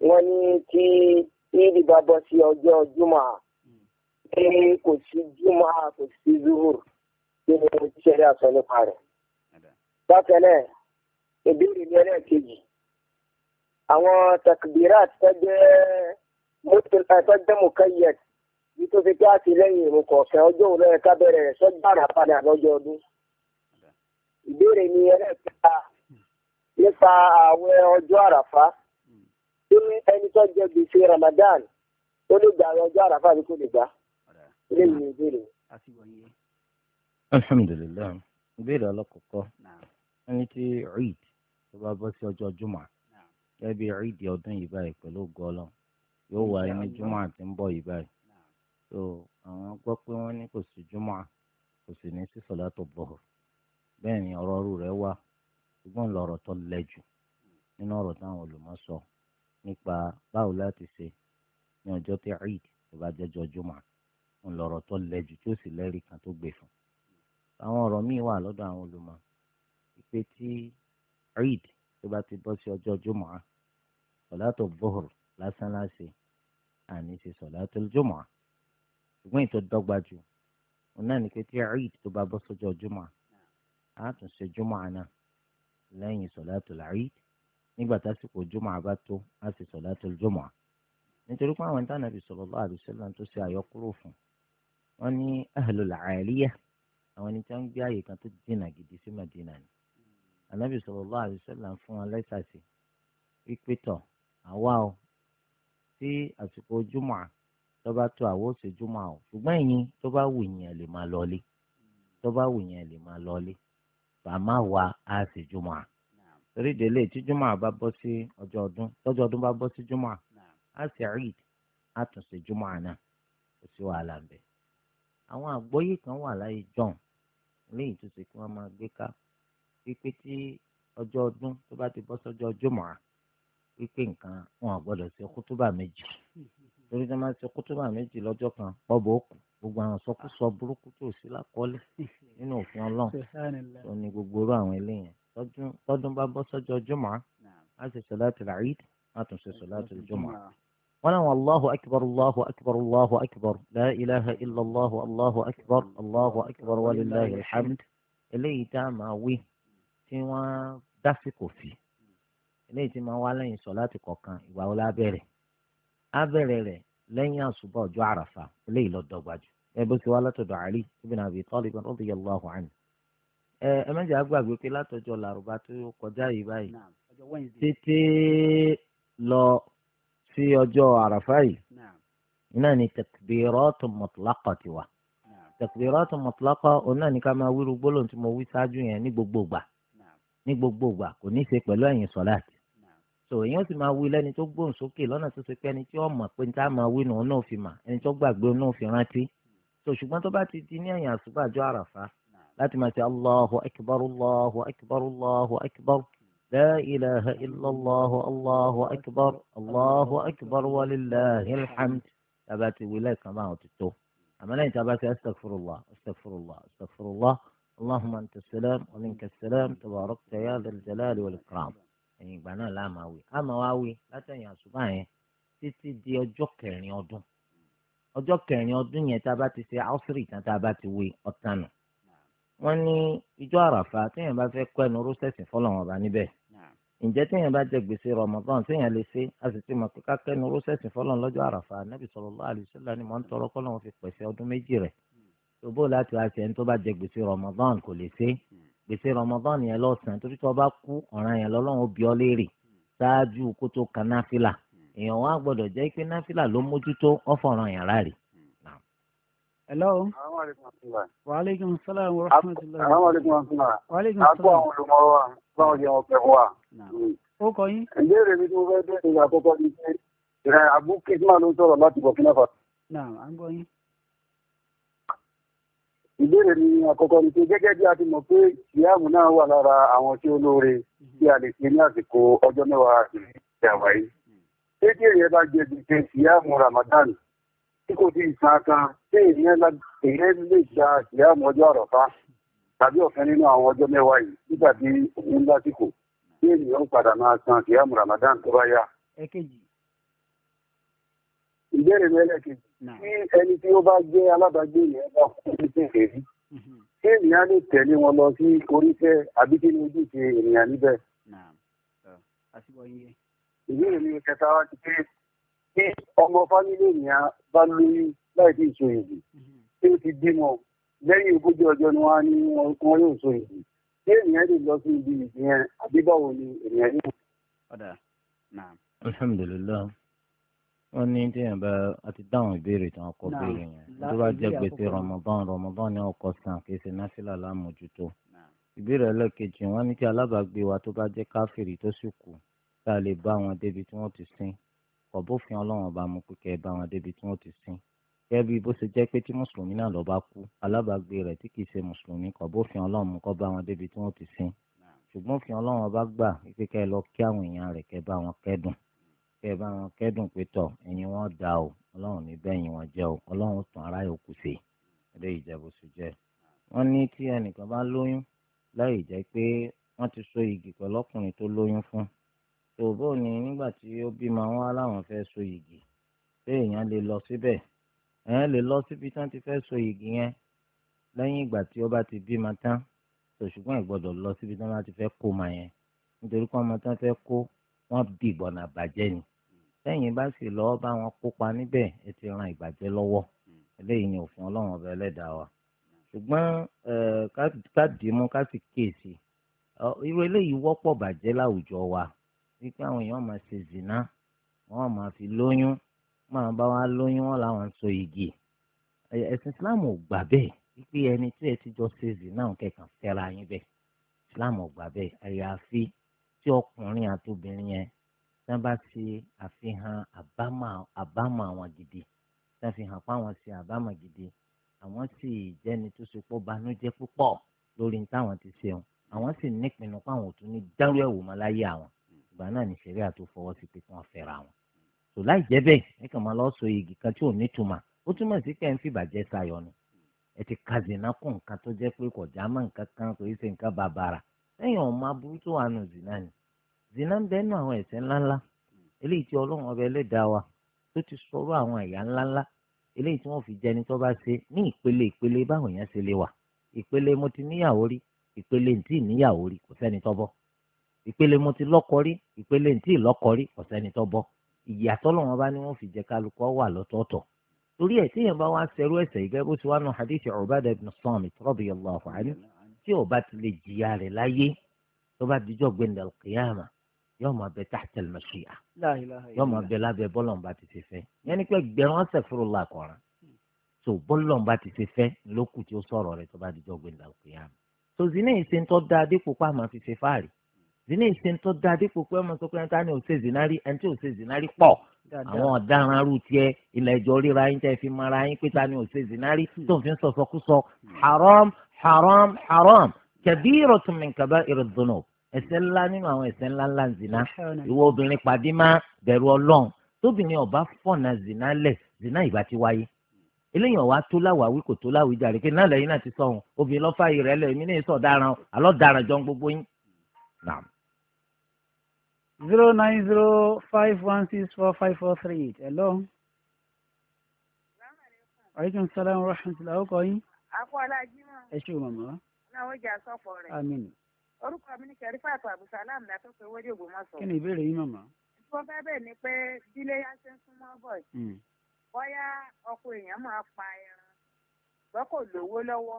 wọ́n ní tí yídi bá bọ́ sí ọjọ́ jùmọ̀ pé kò sí jùmọ̀ kò sí zuhur kí ni mo ti ṣẹlẹ̀ àṣọ nípa rẹ̀. bákan náà ìbéèrè mi ẹlẹ́ẹ̀kejì àwọn takbira tẹ́jẹ́ mọ́tò tẹ́jẹ́ mọ́kẹ́yẹt nítorí pé àtìlẹ́yìn ìrùn kọ̀ọ̀kan ọjọ́ òun lọ́yẹ̀ká bẹ̀rẹ̀ sọ́jà àràpadà lọ́jọ́ ọdún. ìbéèrè mi ẹlẹ́ẹ̀kẹta. nípa ààwẹ̀ ọjọ́ àràfá tó ní ẹni tó jẹ gbèsè Ramadan ó lè gbà ọjọ́ àràfá àbí kò lè gbà ìbéèrè. alhamdulilayi ìbéèrè ẹni tí eid tó bá bọ́ sí ọjọ́ jùmọ̀ gẹ́gẹ́ bí eid ọdún yìí báyìí pẹ̀lú gọ́ọ̀lọ́ yóò jùmọ̀ àti ń bọ̀ yìí báyìí so àwọn gbọ́ pé wọ́n ní kò sí jùmọ̀ kò sì ní bọ̀ bẹ́ẹ̀ ni ọ̀rọ̀ rẹ̀ wà ṣùgbọ́n lọ̀rọ̀ tó lẹ jù nínú ọ̀rọ̀ táwọn olùmọ̀ sọ nípa báwo láti ṣe ní ọjọ́ tí eid tó bá jẹ́jọ́ jùmọ̀ ń lọ̀rọ̀ tó lẹ jù tí ó sì lẹ́rìí kan tó gbè fún. àwọn ọ̀rọ̀ míì wà lọ́dọ̀ àwọn olùmọ̀ ìpè tí eid tó bá ti bọ́ sí ọjọ́ jùmọ̀ sọ̀látò bọ́ọ̀rù lásán láṣẹ àní ṣe sọ̀látò jùmọ̀ ṣùgbọ́n ìtọ́ dọ́gba jù òun ni pé tí eid tó bá bọ́ sọ́jọ́ jùmọ̀ á jùmọ̀ náà lẹ́yìn sọ̀látùl Eid nígbà tásìkò jùmọ̀ àbá tó á sì sọ̀látùl Jumu'ah nítorí pé àwọn ìtàn nàbì sallallahu alaihi wasallam tó ṣe àyọkúrò fún wọn ní ahlul aliyah àwọn ẹni tí wọn ń gbé àyè kan tó dínà gidi sí Madina ni ànábì sallallahu alaihi wasallam fún wọn lẹ́sàsì wípé tọ̀ àwa o tí àsìkò jùmọ̀ tó bá tó àwọn òsè jùmọ̀ o ṣùgbọ́n ẹ̀yin tó bá wù yín lè máa lọlé tó bá wù yín lè máa lọlé fàmà wa á sì jùmọ̀ à torí délé tí jùmọ̀ bá bọ́ sí ọjọ́ ọdún tọ́jọ́ ọdún bá bọ́ sí jùmọ̀ á sì Eid á jùmọ̀ àná kò sí wàhálà ń àwọn àgbọ́yé kan wà láyé john lẹ́yìn tó ṣe kí wọ́n máa gbé ká wípé tí ọjọ́ ọdún tó bá ti bọ́ sọ́jọ́ jùmọ̀ à wípé nǹkan wọn ò gbọ́dọ̀ kútúbà méjì hmm, hmm, hmm. torí tí wọ́n máa ṣe kútúbà méjì lọ́jọ́ kan pọ́bù ó kù gbogbo àwọn sọkúsọ ah. burúkú tó sí lákọọ́lẹ̀ [laughs] nínú òfin ọlọ́run tó ní gbogbo orú àwọn eléyẹn tọdún bá bọ́ sọ́jọ́ jùmọ̀ á ṣe sọ̀láàtul Eid á tún ṣe sọ̀láàtul jùmọ̀. wọn àwọn allahu akbar allahu akbar allahu akbar la ilaha illa allahu allahu akbar allahu akbar walillahi alhamd eléyìí tá a máa wí tí wọ́n dásìkò fi eléyìí tí máa wá lẹ́yìn sọ̀láàtì kọ̀ọ̀kan ìgbà wo lábẹ́rẹ̀ á bẹ̀rẹ̀ lẹ́yìn àṣùbọ̀ ọjọ́ àràfà eléyìí lọ dọ́gba jù ẹ bó ti wá látọ̀dọ̀ àlí ibn Abi Talib radiyallahu anhu ẹ ẹ mẹjọ agbàgbé pé látọjọ́ làrúbá tó kọjá yìí báyìí tètè lọ sí ọjọ́ àràfà yìí náà ni takbiratu mutlaqa ti wà takbiratu mutlaqa òun náà ni ká máa wíru gbólóhùn tí mo wí ṣáájú yẹn ní gbogbo ìgbà ní gbogbo ìgbà kò ní so èyàn sì máa wí lẹ́ni tó gbóhùn sókè lọ́nà tó ṣe pé ẹni tí ó mọ̀ pé níta máa wí nù náà fi mà ẹni tó gbàgbé náà fi rántí so ṣùgbọ́n tó bá ti di ní ẹ̀yìn àṣùbàjọ́ àràfà láti máa ṣe allahu akbar allahu akbar allahu akbar la ilaha illallah allahu akbar allahu akbar walillahi alhamd tàbá ti wí lẹ́ẹ̀kan bá àwọn ti tó àmọ́ lẹ́yìn tàbá ti astaghfirullah astaghfirullah astaghfirullah allahumma anta salam wa minka salam tabarakta ya dhal wal ikram ẹ̀yìn ìgbà náà láàmà wí àmà wá wí látẹ̀yìn àṣùbà yẹn títí di ọjọ́ kẹrin ọdún ọjọ́ kẹrin ọdún yẹn tá a bá ti ṣe áùsírì tán tá a bá ti wí ọ̀tànù wọ́n ní ìjọ àràfà téèyàn bá fẹ́ kọ́ ẹnu rọ́sẹ̀sì fọlọ́wọn ọba níbẹ̀ ǹjẹ́ téèyàn bá jẹ gbèsè rọmọgán téèyàn lè ṣe a sì ti mọ̀ pé kákẹ́ ẹnu rọ́sẹ̀sì fọlọ́wọn lọ́jọ́ àràfà nábì sallallahu alaihi wasallam ni mò ń tọrọ kọ́ lọ́wọ́ fi pèsè ọdún méjì rẹ̀ ṣòbó láti wá ṣe ẹni tó bá jẹ gbèsè rọmọgán kò lè ṣe gbèsè rọmọdán yẹn lọ́sàn-án torí tó bá kú ọ̀ràn yẹn lọ́lọ́run ó bi ọ́ léèrè ṣáájú kó tó kan náfìlà èèyàn wá gbọ́dọ̀ jẹ́ pé náfìlà ló mójútó ọ̀fọ̀ràn yẹn ráre. hello. waaleykum salaam wa rahmatulah. waaleykum salaam. waaleykum salaam. a kó àwọn olùmọ̀ọ́ wa báwo ni wọ́n fẹ́ wà. ó kọ yín. ìbéèrè mi tó fẹ́ bẹ́ẹ̀ ni àkọ́kọ́ ni pé àbúkẹ́ tí màá ló sọ̀rọ̀ láti Burkina Faso. náà à ń gbọ́ yín. ìbéèrè mi àkọ́kọ́ ni pé gẹ́gẹ́ bí a ti mọ̀ pé ìyáàmù náà wà lára àwọn tí ó lóore a lè ṣe ní àsìkò ọjọ́ mẹ́wàá àti ìjàmbá yìí. ṣé kí èèyàn bá Ramadan tí kò sí ìsan kan ṣé èèyàn lè gba ìyáàmù ọjọ́ àròfá tàbí ọ̀kan nínú àwọn ọjọ́ mẹ́wàá yìí nígbà tí òun lásìkò èèyàn Ramadan tó bá yá. ìbéèrè tí ẹni tí ó bá jẹ́ alábàágbé yẹn bá kú ní kékeré ṣé ènìyàn lè tẹ̀lé wọn lọ sí oríṣẹ́ àbí kí ni ojúṣe ènìyàn níbẹ̀. ìbéèrè mi kẹta wá ti pé tí ọmọ fámílì ènìyàn bá lóyún láì fi ìṣó ìdì tí mhm. ó ti bímọ lẹ́yìn ogójì ọjọ́ ni wọ́n á ní wọn yóò so ìdì tí ènìyàn lè lọ sí ibi ìdí yẹn àbí báwo ni ènìyàn yóò. alhamdulilayi wọ́n ní téèyàn bá a ti dáhùn ìbéèrè tí wọ́n kọ́ béèrè yẹn tó bá jẹ́ gbèsè rọmọbọ́n rọmọbọ́n ni wọ́n kọ́ san kì í ṣe náfìlà lámójútó ìbéèrè ẹlẹ́kejì wọ́n ní kí alábàágbé wa tó bá jẹ́ káfíìrì tó sì kù tá a lè bá wọn débi tí wọ́n ti sìn kò bófin ọlọ́run ọba mú kíkẹ́ bá wọn débi tí wọ́n ti sìn gẹ́gẹ́ bí bó ṣe jẹ́ pé tí mùsùlùmí náà lọ bá kú alábàágbé rẹ̀ tí kì ṣe mùsùlùmí kò bófin ọlọ́run mú bá wọn kẹ́ ẹ bá wọn kẹ́dùn pé tọ̀ ẹ̀yin wọn dà o ọlọ́run ní bẹ́yìn wọn jẹ́ o ọlọ́run tún ara yòókù sí i ẹ̀dẹ́ ìjẹ́bù sí jẹ́ wọ́n ní tí ẹnìkan bá lóyún láì jẹ́ pé wọ́n ti so igi pẹ̀lú ọkùnrin tó lóyún fún tòbó ni nígbà tí ó bímọ wọn á láwọn fẹ́ so igi pé èèyàn lè lọ síbẹ̀ èèyàn lè lọ síbi tí wọ́n ti fẹ́ so igi yẹn lẹ́yìn ìgbà tí ó bá ti bímọ tán ṣùgbọ́n ìgbọ́dọ̀ lọ síbi tí wọ́n bá ti fẹ́ kó ma yẹn nítorí pé ọmọ tí wọ́n kó wọ́n bí ìbọnà àbàjẹ́ ni sẹ́yìn bá sì lọ́ọ́ bá wọn kópa níbẹ̀ ẹ ti ran ìbàjẹ́ lọ́wọ́ eléyìí ni òfin ọlọ́run ọba ẹlẹ́dàá wa ṣùgbọ́n kádìímú ká sì kíyèsí irú eléyìí wọ́pọ̀ bàjẹ́ láwùjọ wa wípé àwọn èèyàn máa ṣe zìnà wọ́n máa fi lóyún máa bá wa lóyún wọn làwọn ń so igi ẹ̀sìn islam ò gbà bẹ́ẹ̀ wípé ẹni tí ẹ ti jọ ṣe zìnà kẹkàn fẹ́ra yín bẹ́ẹ̀ islam ò gbà bẹ́ẹ̀ àyàfi tí ọkùnrin àti obìnrin yẹn tí wọ́n bá ṣe àfihàn àbámọ̀ àwọn gidi tí wọ́n fi hàn pé àwọn ṣe àbámọ̀ gidi àwọn sì jẹ́ni tó ṣe pọ̀ banújẹ́ púpọ̀ lórí ní táwọn ti ṣeun àwọn sì nípinnu pé àwọn ò tún ní dárú ẹ̀wò mọ́ láyé àwọn ìgbà náà ní ṣẹ̀ríà tó fọwọ́ sí pé kí wọ́n fẹ́ra wọn. tò láì jẹ́ bẹ́ẹ̀ ẹ kàn máa lọ sọ igi kan tí ò ní tuma ó túmọ̀ sí pé ẹ ń fìbàjẹ́ sayọ ni ẹ ti kazìnà kún nǹkan tó jẹ́ pé kọjá mọ́ nǹkan kan kò í ṣe nǹkan bàbàrà lẹ́yìn ọ̀ma burú tó wà nù zìnà ni zina ń bẹ nínú àwọn ẹ̀ṣẹ̀ ńláńlá eléyìí tí ọlọ́run ọba ẹlẹ́dàá wa tó ti sọ̀rọ̀ àwọn ẹ̀yà ńláńlá eléyìí tí wọ́n fi jẹni tó bá ṣe ní ìpele ìpele báwọn èèyàn ṣe lè wà ìpele mo ti níyàwó rí ìpele ntí níyàwó rí kò sẹ́ni tó bọ́ ìpele mo ti lọ́kọ rí ìpele ntí lọ́kọ rí kò sẹ́ni tó bọ́ ìyàtọ̀ lọ́wọ́n bá ní wọ́n fi jẹ kálukú wà lọ́tọ̀ọ̀tọ̀ torí ẹ̀ tí yẹn bá wá ṣerú ẹ̀ṣẹ̀ yìí bó ti wá nù hadithi Ubadah ibn Samit radiyallahu anhu tí ó ti lè jìyà rẹ̀ láyé tó bá dijọ́ gbẹ̀ndàl qiyama yóò máa bẹ tahta al-mashi'a yóò máa bẹ lábẹ́ bọ́lọ̀mbà ti ṣe fẹ́ hmm. yẹn ni pé gbẹ̀rún astaghfirullah kọ̀ọ̀ràn tó hmm. bọ́lọ̀mbà ti ṣe fẹ́ ló kù tí ó sọ̀rọ̀ rẹ̀ tó bá dijọ́ gbẹ̀ndà òkè yá mi. tó zina ìṣe ń tọ́ da dípò pé a máa fi ṣe fáàrí zina ìṣe ń tọ́ da dípò pé ọmọ tó kẹ́ńtà ni ò ṣe zina rí ẹni tí ò ṣe zina rí pọ̀ àwọn ọ̀daràn arú tiẹ̀ ilẹ̀ ìjọ ríra yín tẹ́ fi mara yín pé ta ni ò ṣe zina rí hmm. tó ń fi sọ̀sọ̀kúsọ haram haram haram kabiratun min kaba'ir adh-dhunub ẹ̀ṣẹ̀ ńlá nínú àwọn ẹ̀ṣẹ̀ ńlá ńlá zina ìwọ obìnrin pàdé má bẹ̀rù Ọlọ́run tóbìnrin ọba fọ̀nà zina lẹ̀ zina ìbá ti wáyé eléyìí ọ̀wá tó láwàwí kò tó láwìí jàre kí náà lẹ́yìn náà ti sọ̀hún obìnrin lọ́fààyè rẹ̀ lẹ̀ èmi náà sọ̀ dáran àlọ́ dáran jọ gbogbo yín. zero nine zero five one six four five four three eight hello. aleykum salaam wa rahmatulah. ọkọ yín. akọ alájí náà. ẹ ṣe o màmá. náà ó jà sọ̀pọ̀ rẹ̀. àmín. orúkọ mi ni Kẹrìfàt Abdulsalam látọ̀kọ̀ owó ní Ògbómọ̀ṣọ́. kí ni ìbéèrè yín màmá. ìfọ bẹ́ẹ̀ ni pé dílé ṣe ń súnmọ́ bọ̀ yìí hmm. ọkọ èèyàn máa pa ẹran lówó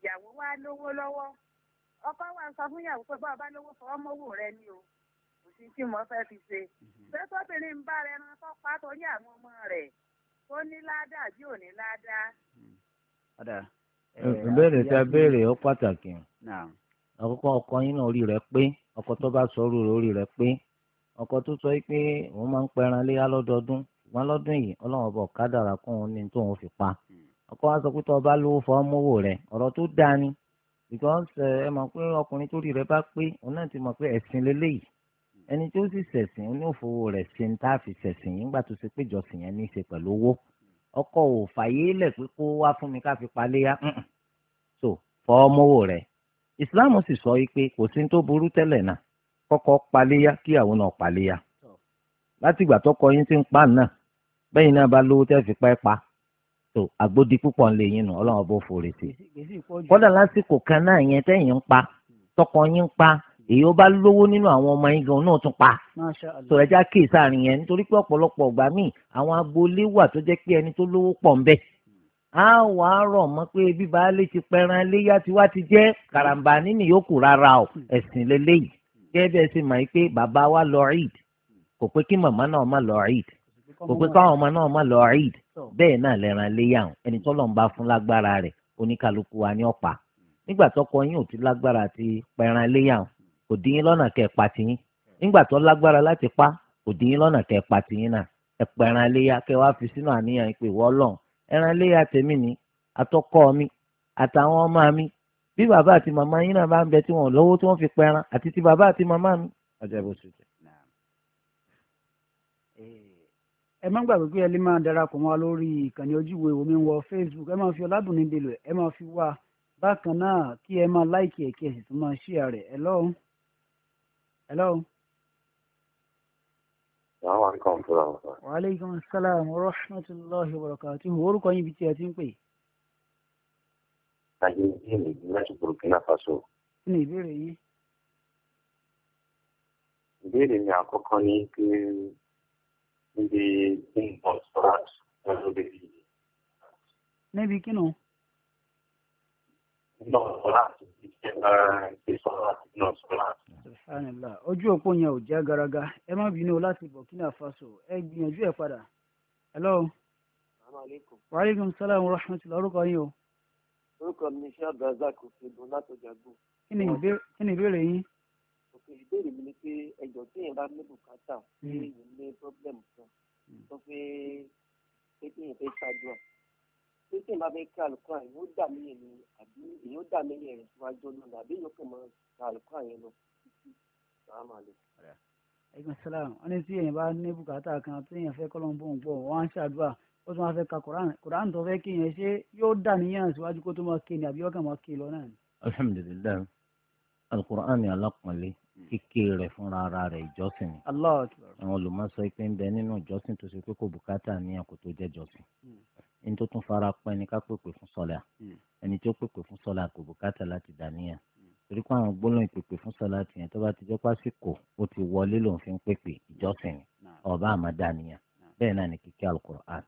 ìyàwó wa lówó ọkọ wa sọ fún ìyàwó pé bá a bá lówó fọwọ́ ni o kò sí mo fẹ́ fi ṣe hmm. ń bá rẹ tó pa ọmọ rẹ tó ní ládàá bí ò ní ládàá. Hmm. Eh, ìbéèrè àkọ́kọ́ ọkọ yín náà orí rẹ̀ pé ọkọ tó bá sọ orí rẹ̀ pé ọkọ tó sọ pé òun máa ń pẹran léyà lọ́dọọdún wọn lọ́dún yìí ọlọ́run ọba kún ní tóun fi pa ọkọ wa sọ pé tó o bá lówó ọ̀rọ̀ tó dáa ni because eh, ẹ mọ̀ pé ọkùnrin tó rí bá pé náà ti mọ̀ pé ẹ̀sìn ẹni tó sì rẹ̀ ṣe ń tá a fi yìí nígbà owó ọkọ ò fàyè lẹ̀ pé kó wá fún mi ká so fọ́ islam sì sọ pé kò sí tó burú tẹ́lẹ̀ náà kọ́kọ́ paléyá kíyàwó náà paléyá láti ìgbà tọkọ yín ti ń pa náà bẹ́yìn náà bá lówó tẹ́ fi pẹ́ pa tó àgbódi púpọ̀ ń lè yín nù ọlọ́run bó forí sí kódà lásìkò kan náà yẹn tẹ́yìn ń pa tọkọ yín ń pa èyí ó bá lówó nínú àwọn ọmọ yín gan náà tún pa tó ẹja kéè sáàrin yẹn nítorí pé ọ̀pọ̀lọpọ̀ ọ̀gbà míì àwọn agboolé wà tó jẹ́ pé ẹni tó lówó pọ̀ ń bẹ́ẹ̀ a wà á rọ̀ mọ́ pé bí baálé ti pẹran léyà tí wá ti jẹ́ karambà nínú yòókù rárá o ẹ̀sìn lélẹ́yìí gẹ́gẹ́ sì mọ̀ pé bàbá wa lọ kò pé kí màmá náà má lọ kò pé káwọn ọmọ náà má lọ bẹ́ẹ̀ náà lẹ́ran léyà o ẹni tó lọ́n bá fún lágbára rẹ̀ oníkaluku wa ní ọ̀pá nígbà lágbára ti pa tiyín nígbà kò dín yín lọ́nà ẹran iléyà tèmi ni àtọkọ mi àtàwọn ọmọ mi bí bàbá àti màmá yín náà bá ń bẹ tí wọn lówó tí wọn fi pẹran àti ti bàbá àti màmá mi. ọjọ́ ìbò sùn jẹ. ẹ má gbàgbé pé ẹ lè máa darapọ̀ mọ́ wa lórí ìkànnì ojúwe omi wọ Facebook ẹ máa fi ọ̀làdùnní délò ẹ máa fi wá bákan náà kí ẹ máa láìkì ẹ̀ sì tún máa ṣíà rẹ̀ ẹ lọ́hùn. ẹ wàhálẹ́kùn sálàmù rọ́ṣmọ́tòláhì wọ̀rọ̀kàtì orúkọ yín bí tí ẹ ti ń pè. tajudeen láti burkina faso. kí ni ìbéèrè àkọ́kọ́ ni pé níbi inbox rats lọ́dọ̀ bẹ́ẹ̀. níbi kí nù náà sọlá náà sọlá. subhanallah ojú òpó yẹn ò já garaga ẹ má bínú o láti burkina faso ẹ gbìyànjú ẹ padà. hello. wa aleykum salaam wa rahmatulah orúkọ yín o. orúkọ mi ṣé abdulrasaq ṣègùn látọjàgbó. kí ni ìbéèrè yín. òkè ìbéèrè mi ni pé ẹjọ́ tí èèyàn bá ní bùkátà pé hmm. èèyàn ní pọblẹmù kan hmm. tó pé pé kí èèyàn fẹ́ ṣáájú à pé tí n bá fẹ́ ka alukóra yìí ó dà mí yẹn ni àbí èyí ó dà mí yẹn rẹ̀ síwájú ọlọ́run àbí èyí ó kàn máa ka alukóra yẹn lọ. ẹgbẹ́ sálàmù wọ́n ní tí èèyàn bá ní bùkátà kan tí èèyàn fẹ́ kọ́lọ́n bò ń bọ̀ wọ́n á ṣàdúrà ó tún wá fẹ́ ka koran koran tó fẹ́ kí yẹn ṣe yóò dà níyàn síwájú kó tó máa ké ni àbí ọkàn máa ké lọ náà ni. alhamdulilayi alukur'an alakunle ẹni tó tún fara pẹ́ ni ká pèpè fún sọ́lá hmm. ẹni tó pèpè fún sọ́lá kò bùkátà láti dàníyàn hmm. torí pé àwọn gbólóhùn ìpèpè fún sọ́lá tìyẹn tó bá ti jẹ́ pásíkò ó ti wọlé lòun fi ń pèpè ìjọsìn ọba àmà dàníyàn bẹ́ẹ̀ náà ni kíkẹ́ alukur'an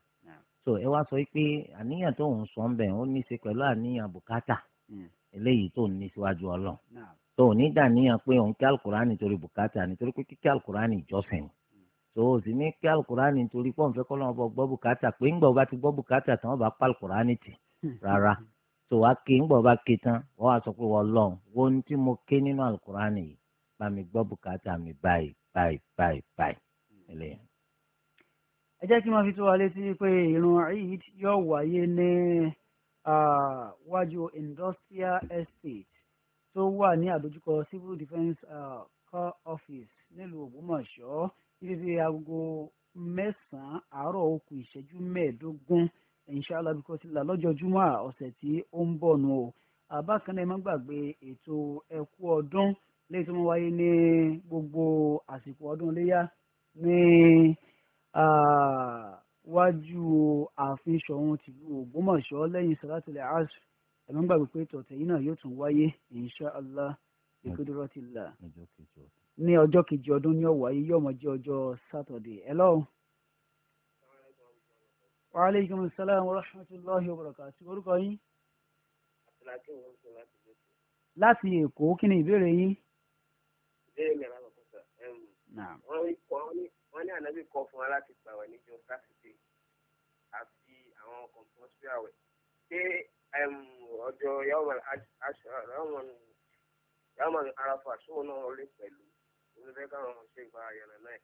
so ẹ wá sọ pé àníyàn tó ń sọ ń bẹ̀ ó ní í ṣe pẹ̀lú àníyàn bùkátà hmm. eléyìí tó ní síwájú ọlọ́run tó ní dàníyàn pé òun kí alukur'an nítorí bùkátà nítorí pé kíkẹ́ alukur'an ìjọsìn So o sì ní kí alukurani nítorí pọ́ǹfẹ́ kọ́ lọ́wọ́ gbọ́ bùkátà pé ńgbà ọba ti gbọ́ bùkátà tán ọba pa alukurani tì hmm. rárá tó hmm. wàá ké ńgbà ọba ké tán wọ́n wá sọ pé wọ́n lọ wo ohun tí mo ké nínú alukurani yìí bá mi gbọ́ bùkátà mi báyìí báyìí báyìí báyìí hmm. ẹ jẹ́ kí n máa fi tó wa létí pé ìrun eid yóò wáyé ní wájú industrial estate tó wà ní àdójúkọ civil defence uh, corps office nílùú Ògbómọ̀ṣọ́ títí di aago mẹ́sàn-án àárọ̀ ó kù ìṣẹ́jú mẹ́ẹ̀ẹ́dógún inshallah bí kò sí la lọ́jọ́ júmọ́ ọ̀sẹ̀ tí ó ń bọ̀ nù o àbákan náà ẹ má gbàgbé ètò ẹ̀kú ọdún léyìí tó máa wáyé ní gbogbo àsìkò ọdún iléyà ní wájú ààfin ṣọ̀ún tìlú ògbómọ̀ṣọ́ lẹ́yìn sàlátìlẹ̀ asr ẹ má gbàgbé pé tọ̀tẹ̀ yìí náà yóò tún wáyé inshallah bí kò dúró ti là ní ọjọ́ kejì ọdún ní ọ̀wọ̀ ayé yọ̀mọ̀ jẹ́ ọjọ́ sátọ̀dẹ̀ hello. wa aleykum salaam wa rahmatulahi wa barakatuh orúkọ yín. láti èkó kí ni ìbéèrè yín. ìbéèrè mi àwọn ọkọ sọ wọ́n ní ànábì kọ́ fún wa láti gbàwẹ̀ níjọ́ sátidé àti àwọn kọ̀ǹpọ́sì àwẹ̀ ṣé ọjọ́ yawman arafa ṣóun náà lè pẹ̀lú ló fẹ́ káwọn ọmọ ṣe ìgbà àyànnà náà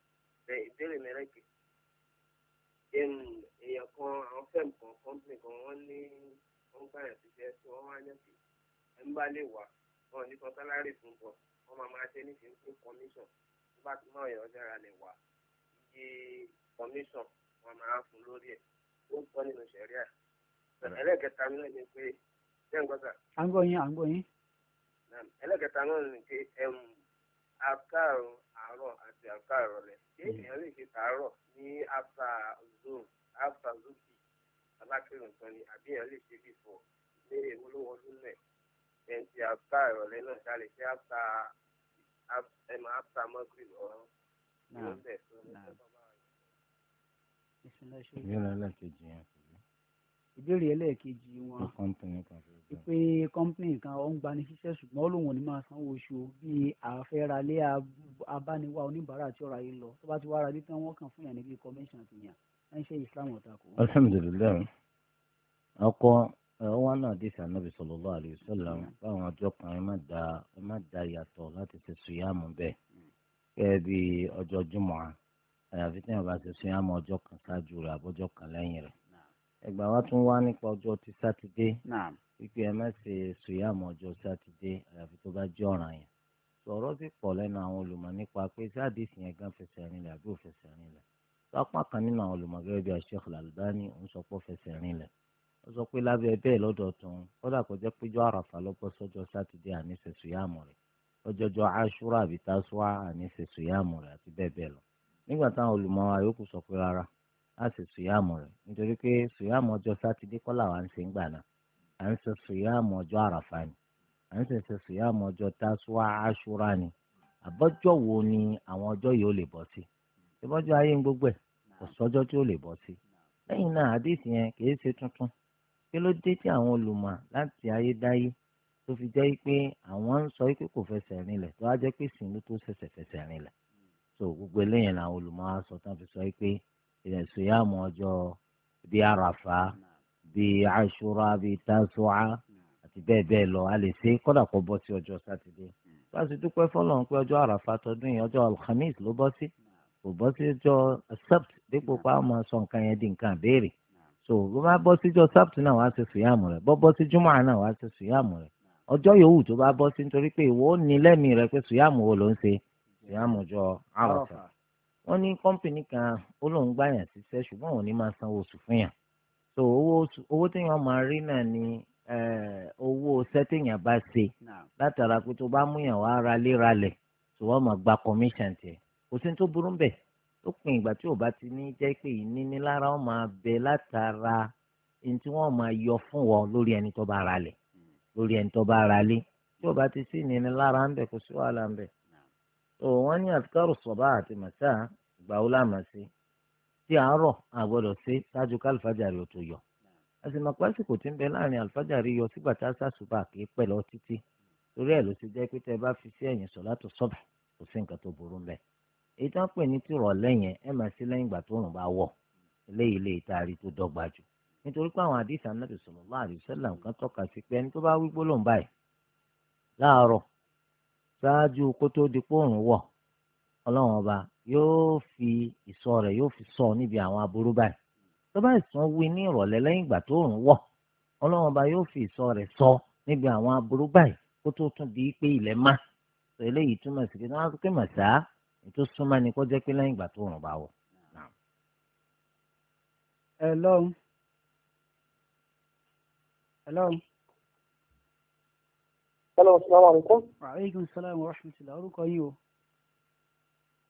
bẹ ìbéèrè mẹ́rẹ̀ kì èèyàn kan àwọn fẹ́ẹ̀mù kan kọ́ńpìnì kan wọ́n ní wọ́n gbà yàn síṣẹ́ tí wọ́n wá yàn sí ẹ̀ ń bá lè wà wọn ò ní kan sálárì fún bọ̀ wọ́n máa máa ṣe níṣẹ́ fún commission tó bá ti náà yàn dára lè wà iye commission wọn máa fún lórí ẹ̀ ó ń kọ́ nínú sẹ̀ríà ẹlẹ́kẹta náà ni pé ṣé ń gbọ́ sà. à ń gbọ́ yín à ń gbọ́ yín. ẹlẹ́kẹta náà ni pé àkàrò àárọ̀ àti àkàrò rẹ̀ kí hmm. èèyàn lè ṣe tààrọ̀ ní after zoom after zuki alákìrùn kan ni àbí èèyàn lè ṣe bífọ ìbéèrè wo ló wọlé lẹ ẹn ti àkàrò rẹ̀ náà ṣàlè ṣe after ẹmọ after mọ́gìrì lọ́wọ́ ló ń bẹ̀ fún ẹgbẹ́ bàbá rẹ̀. ìṣúná ìyẹn lọ́lá kejì yẹn ìbéèrè ẹlẹ́ẹ̀kejì wọn pé kọ́ńpìnì kan ó ń gbani ṣiṣẹ́ ṣùgbọ́n ó lóun ò ní máa sanwó oṣù bíi àfẹ́ralé abániwá oníbàárà tí ọ̀rọ̀ ayé lọ tó bá ti wá ara dé wọ́n kàn fún yàn níbi commission ti yàn ẹ̀ ṣe islam ọ̀tà kò. alhamdulilayi ọkọ ọwọ́ náà dé sí anabi sallallahu alaihi wasallam báwọn hmm. ọjọ́ kan ẹ má da ẹ má da yàtọ̀ láti ṣe sùyàmù bẹ́ẹ̀ hmm. gẹ́gẹ́ bí ọjọ́ jùmọ̀ àyàfi tí bá ṣe sùyàmù ọjọ́ kan ṣáájú rẹ̀ àbọ̀jọ́ kan lẹ́yìn rẹ̀ ẹgbà wa tún wá nípa ọjọ́ ti sátidé wípé ẹ má ṣe sùyàmù ọjọ́ sátidé àyàfi tó bá jẹ́ ọ̀ràn yẹn sọ̀rọ̀ sì pọ̀ lẹ́nu àwọn olùmọ̀ nípa pé sáàdì sì yẹn gan fẹsẹ̀ rinlẹ̀ àbí ò fẹsẹ̀ rinlẹ̀ sápá kan nínú àwọn olùmọ̀ gẹ́gẹ́ bí Sheikh Al-Albani òun sọ pé ó fẹsẹ̀ rinlẹ̀ ó sọ pé lábẹ́ bẹ́ẹ̀ lọ́dọ̀ tún kódà kó jẹ́ péjọ àràfà lọ́pọ̀ sọ́jọ́ sátidé àníṣe sùyàmù rẹ̀ ọjọ́jọ́ aṣúra àbí tásúà àníṣe sùyàmù rẹ̀ àti bẹ́ẹ̀ bẹ́ẹ̀ lọ nígbà táwọn olùmọ̀ àyókù sọ pé rárá á sì sùyàmù rẹ̀ nítorí pé sùyàmù ọjọ́ sátidé kọ́ làwọn ń ṣe ń gbà náà à ń ṣe sùyàmù ọjọ́ àràfà ni à ń ṣe sùyàmù ọjọ́ tásùwà àṣúrà ni àbọ́jọ́ wo ni àwọn ọjọ́ yìí ó lè bọ́ sí ìbọ́jọ́ ayé ń gbogbo ẹ̀ kò sọ́jọ́ tí ó lè bọ́ sí lẹ́yìn náà àdéhìí yẹn kì í ṣe tuntun kí ló dé tí àwọn olùmọ̀ láti ayédáyé tó fi jẹ́ pé àwọn ń sọ pé kò fẹsẹ̀ rinlẹ̀ tó á jẹ́ pé sìn ló tó ṣẹ̀ṣẹ̀ fẹsẹ̀ rinlẹ̀ so gbogbo eléyìn làwọn olùmọ̀ á sọ fi sọ pé ilẹ̀ sùyàmù ọjọ́ bíi àràfà bíi àṣúrà bíi tásùá àti bẹ́ẹ̀ bẹ́ẹ̀ lọ a lè ṣe kódà kó bọ́ sí ọjọ́ sátidé bá a ti dúpẹ́ fọlọ́run pé ọjọ́ àràfà tọdún yìí ọjọ́ alhamis ló bọ́ sí kò bọ́ sí ọjọ́ sabt dípò pa á máa sọ nǹkan yẹn di nǹkan àbẹ́rẹ́ so bó bá bọ́ síjọ́ sabt náà wàá ṣe sùyàmù rẹ̀ bọ́ bọ́ sí júmọ̀ náà wàá ṣe sùyàmù rẹ̀ ọjọ́ yòówù tó bá bọ́ sí nítorí pé ìwọ ó ní lẹ́mìí rẹ pé sùyàmù wo ló ń ṣe sùyàmù ọjọ́ àràfà wọ́n ní kọ́mpìnì kan ó lóun gbàyàn síṣẹ́ ṣùgbọ́n òun ní máa sanwó oṣù fún yàn so owó téèyàn máa rí náà ni owó sẹ́tẹ̀yàn bá ṣe látara pé tó bá mú yàn wá ralé ralẹ̀ tó wọ́n máa gba commission tiẹ̀ kò sí tó burú bẹ̀ ó pin ìgbà tí ò bá ti ní jẹ́ pé ìníní lára wọn máa bẹ látara ẹni tí wọ́n máa yọ fún wọn lórí ẹni tó bá ralẹ̀ lórí ẹni tó bá ralé tí ò bá ti sí ìníní lára ń bẹ kò sí wàhálà ń bẹ òun wọn ní àtikárò sọ̀bá àti màsá ìgbà wo láàmà sí tí àárọ̀ àgbọ̀dọ̀ sí ṣáájú kálífàjárì ò tó yọ àsìmọ̀ pásìkò tí ń bẹ láàrin àlùfájàrí yọ sígbà tá a ṣàṣùbà kì í pẹ́ lọ títí torí ẹ̀ ló ti jẹ́ pé tẹ́ ẹ bá fi sí ẹ̀yìn sọ̀lá tó sọ̀bà kò sí nǹkan tó burú mbẹ́ èyí tó ń pè ní tìrọ̀ lẹ́yìn ẹ̀ máa sí lẹ́yìn ìgbà tó rùn bá wọ̀ eléyìí lè taari tó dọ́gba tó ṣáájú kó tó di pòrùn wọ̀ ọlọ́run ọba yóò fi ìsọ rẹ̀ yóò fi sọ níbi àwọn aburú báyìí tó bá ìsàn wí ní ìrọ̀lẹ́ lẹ́yìn ìgbà tó òrùn wọ̀ ọlọ́run ọba yóò fi ìsọ rẹ̀ sọ níbi àwọn aburú báyìí kó tó tún di pé ilẹ̀ má sọ eléyìí túmọ̀ sí pé wọ́n á pé màsá ètò súnmọ́ ni kó jẹ́ pé lẹ́yìn ìgbà tó òrùn bá wọ̀. ẹ lọ́hùn. ẹ lọ́hùn. Hello, assalamu alaikum. Wa alaikum salaam wa rahmatullah. Orúkọ yìí o.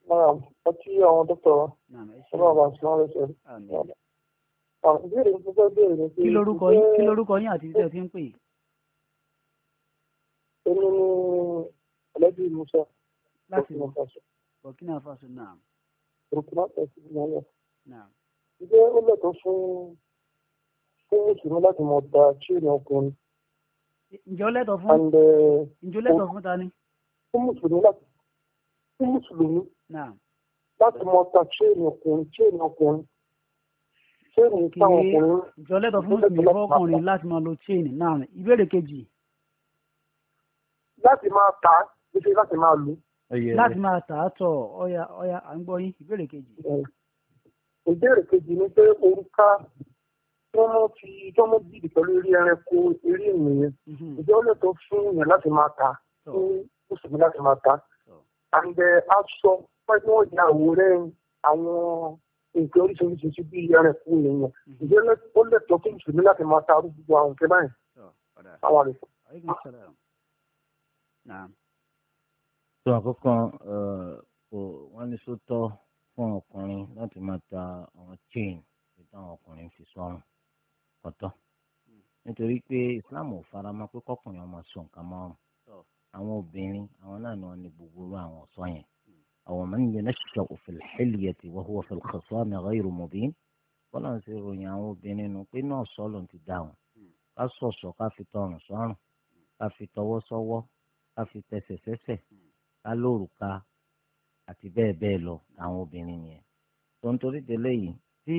Máa ọ tí àwọn dókítà wa. Ọlọ́run bá ṣe máa ń ṣe. Ìbéèrè mi fẹ́ béèrè ni pé. Kí lorúkọ yín kí lorúkọ yín àti iṣẹ́ tí ń pè? Èmi ni Ẹlẹ́bí Musa. Láti Burkina Faso náà. Burkina Faso náà. Ìgbé ó lẹ̀tọ́ fún fún ìṣòro láti mọ̀ da chíìrì ọkùnrin ǹjọ́ lẹ́tọ̀ fún uh, ǹjọ́ lẹ́tọ̀ um, fún ta ni. fún mùsùlùmí láti fún mùsùlùmí láti mọ ta chain ọkùnrin chain ọkùnrin chain táwọn ọkùnrin. ǹjọ́ lẹ́tọ̀ fún mùsùlùmí fọkùnrin láti máa lo chain náà ìbéèrè kejì. láti máa ta níṣẹ́ láti máa lu. láti máa tà á tọ̀ ọ̀ya ọ̀ya à ń gbọ́ yín ìbéèrè kejì. ìbéèrè kejì ni pé orúkà tó mú fi tó mú bíìdì pẹ̀lú eré ẹranko eré ènìyàn mm-hmm. ìjọ lè tó fún èèyàn láti máa ta fún mùsùlùmí láti máa ta and eh, aṣọ pẹ́ẹ́ni wọ́n di àwòrán àwọn nǹkan oríṣiríṣi bíi ẹranko èèyàn mm-hmm. ìjọ ó lè tó fún mùsùlùmí láti máa ta arúgbó àwọn nǹkan báyìí. àwọn àlejò. sọ àkọ́kọ́ eh, kò wọ́n ní sọ́tọ̀ fún ọkùnrin láti máa ta àwọn chain ìtàn ọkùnrin fi sọ́run ọ̀tọ̀ hmm. nítorí pé islam ò fara mọ́ pé kọkùnrin ọmọ sọ nǹkan márùn àwọn obìnrin àwọn náà ni wọn ní gbogbo irú àwọn ọ̀sọ́ yẹn àwọn ọmọ nìyẹn náà ṣiṣẹ́ òfin xìlìyẹ tí wọ́n wọ́n fẹ́ẹ́ kọ̀ sọ́ọ́ mẹ́rọ ìrùmọ̀bí bọ́lá ń ṣe ròyìn àwọn obìnrin nu pé náà sọ́ ló ń ti dà wọ́n hmm. ká sọ̀sọ̀ ká fi tọrùn sọ́rùn hmm. ká fi tọwọ́ sọ́wọ́ ká fi tẹsẹ̀ sẹ́sẹ̀ ká lóòrùka àti bẹ́ẹ̀ bẹ́ẹ̀ lọ àwọn obìnrin yẹn tó ń torí délé yìí tí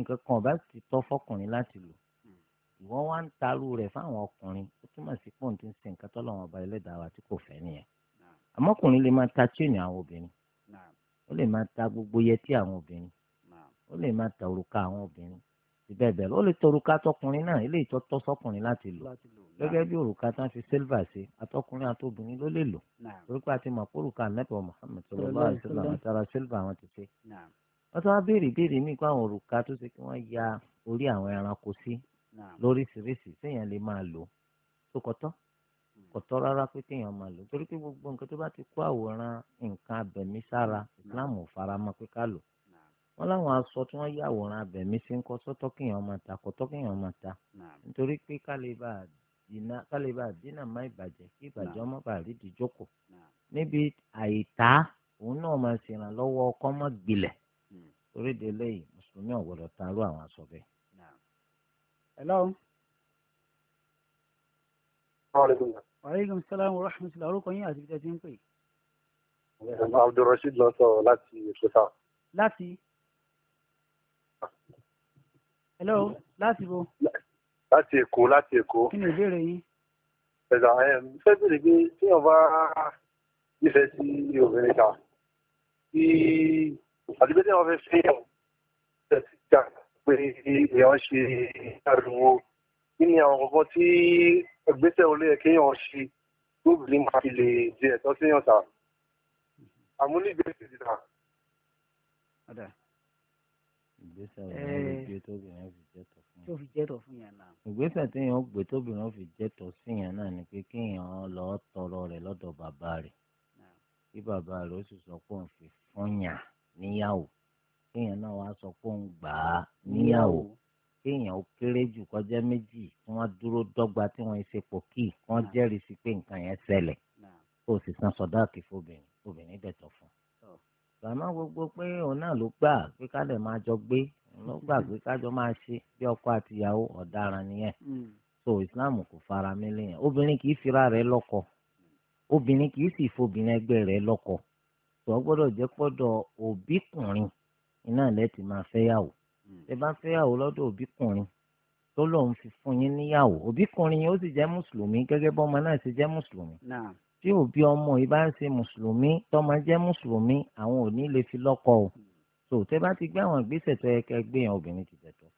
nǹkan kan ọba sì tọ́ fọkùnrin láti lò hmm. ìwọ́n wá ń tarú rẹ̀ fáwọn ọkùnrin ó túmọ̀ sí pọ̀ ní ti ń ṣe nǹkan tọ́lọ̀ wọn ọba ẹlẹ́dàá wa tí kò fẹ́ nìyẹn àmọ́ ọkùnrin lè máa ta chain àwọn obìnrin ó lè máa ta gbogbo yẹtí àwọn obìnrin ó lè máa ta òrùka àwọn obìnrin síbẹ̀ bẹ́ẹ̀ ó lè ta òrùka tọkùnrin náà eléyìí tó tọ́ sọkùnrin láti lò gẹ́gẹ́ bí òrùka tán fi sílvà ṣe atọ́kùnrin àtobìnrin ló lè lò torí pé mọ̀ Muhammad sọlọ́lá àti sọlọ́lá àti ara sílvà wọ́n tún wá béèrè béèrè mí pé àwọn òrùka tó ṣe kí wọ́n ya orí àwọn ẹranko sí lóríṣiríṣi séèyàn lè máa lò tó kọtọ́ hmm. kọtọ́ rárá pé kéèyàn máa lò torí pé gbogbo nǹkan tó bá ti kó àwòrán nǹkan abẹ̀mí sára Islam ò fara mọ́ pé ká lò wọ́n láwọn aṣọ tí wọ́n yá àwòrán abẹ̀mí sí ń kọ́ sọ́tọ́ kéèyàn máa ta kọtọ́ kéèyàn máa ta nítorí pé kálíbà dínà kálíbà dínà má ìbàjẹ́ kí ìbàjẹ́ ọmọ bàá rí ìdíjókòó níbi àìtá òun náà máa ṣèrànlọ́wọ́ ọkọ́ mọ́ gbilẹ̀ torí de lẹ́yìn mùsùlùmí ò gbọ́dọ̀ ta irú àwọn aṣọ bẹ́ẹ̀. hello. aleykum salaam wa rahmatulah orúkọ yín àti ìjọba ti ń pè. abdulrasheed lọ sọ láti ìṣẹta. láti. hello láti bo. láti èkó láti èkó. kí ni ìbéèrè yín. ẹ̀sà fẹ́ bèrè pé tí wọ́n bá nífẹ̀ẹ́ sí obìnrin kan tí àti bí wọ́n fẹ́ fẹ́ yàwó tẹ̀sí ká pé èèyàn ṣe àrùnwó nínú àwọn kọ̀ọ̀kan tí ẹgbẹ́sẹ̀ olóyè kéèyàn ṣe tó bìlí máa fi lè jẹ ẹ̀tọ́ sí yàn sáà àmúlí ìgbésẹ̀ ti dà. ìgbésẹ̀ olóyè gbé tóbi yẹn fi jẹ́tọ̀ fún yàn. tó fi jẹ́tọ̀ fún yàn náà. ìgbésẹ̀ téèyàn gbé tóbi yẹn fi jẹ́tọ̀ sí yàn náà ni pé kéèyàn lọ́ọ́ tọrọ rẹ̀ lọ́dọ̀ bàbá rẹ̀ kí bàbá rẹ̀ ó sì sọ pé òun fi fún yàn níyàwó kéèyàn náà wá sọ pé òun gbà á níyàwó kéèyàn ó kéré jù kọjá méjì kí wọ́n dúró dọ́gba tí wọ́n ṣe pò kí kí wọ́n jẹ́rìí sí pé nǹkan yẹn ṣẹlẹ̀ kó o sì san sọdáàkì fóbìnrin obìnrin dẹ̀tọ̀ fún un. bàmá gbogbo pé òun náà ló gbà pé ká lè máa jọ gbé ló gbà pé kájọ máa ṣe bí ọkọ àtìyàwó ọ̀daràn nìyẹn hmm. so Islam kò fara mi lẹ́yìn obìnrin kì í fira rẹ̀ lọ́kọ obìnrin kì í sì fobìnrin ẹgbẹ́ rẹ̀ lọ́kọ tó o gbọ́dọ̀ jẹ́ pọ́dọ̀ òbíkùnrin iná lẹ́tì máa fẹ́yàwó hmm. ẹ bá fẹ́yàwó lọ́dọ̀ òbíkùnrin tó lòun fi fún yín níyàwó òbíkùnrin yìí ó sì jẹ́ mùsùlùmí gẹ́gẹ́ bí ọmọ náà ṣe jẹ́ mùsùlùmí tí òbí ọmọ yìí bá ń ṣe mùsùlùmí tọ́mọ jẹ́ mùsùlùmí àwọn ò ní lè fi lọ́kọ o tó hmm. tẹ́ bá ti gbé àwọn ìgbésẹ̀ tó yẹ kẹ́ gbé yẹn obìnrin ti tẹ̀tọ̀.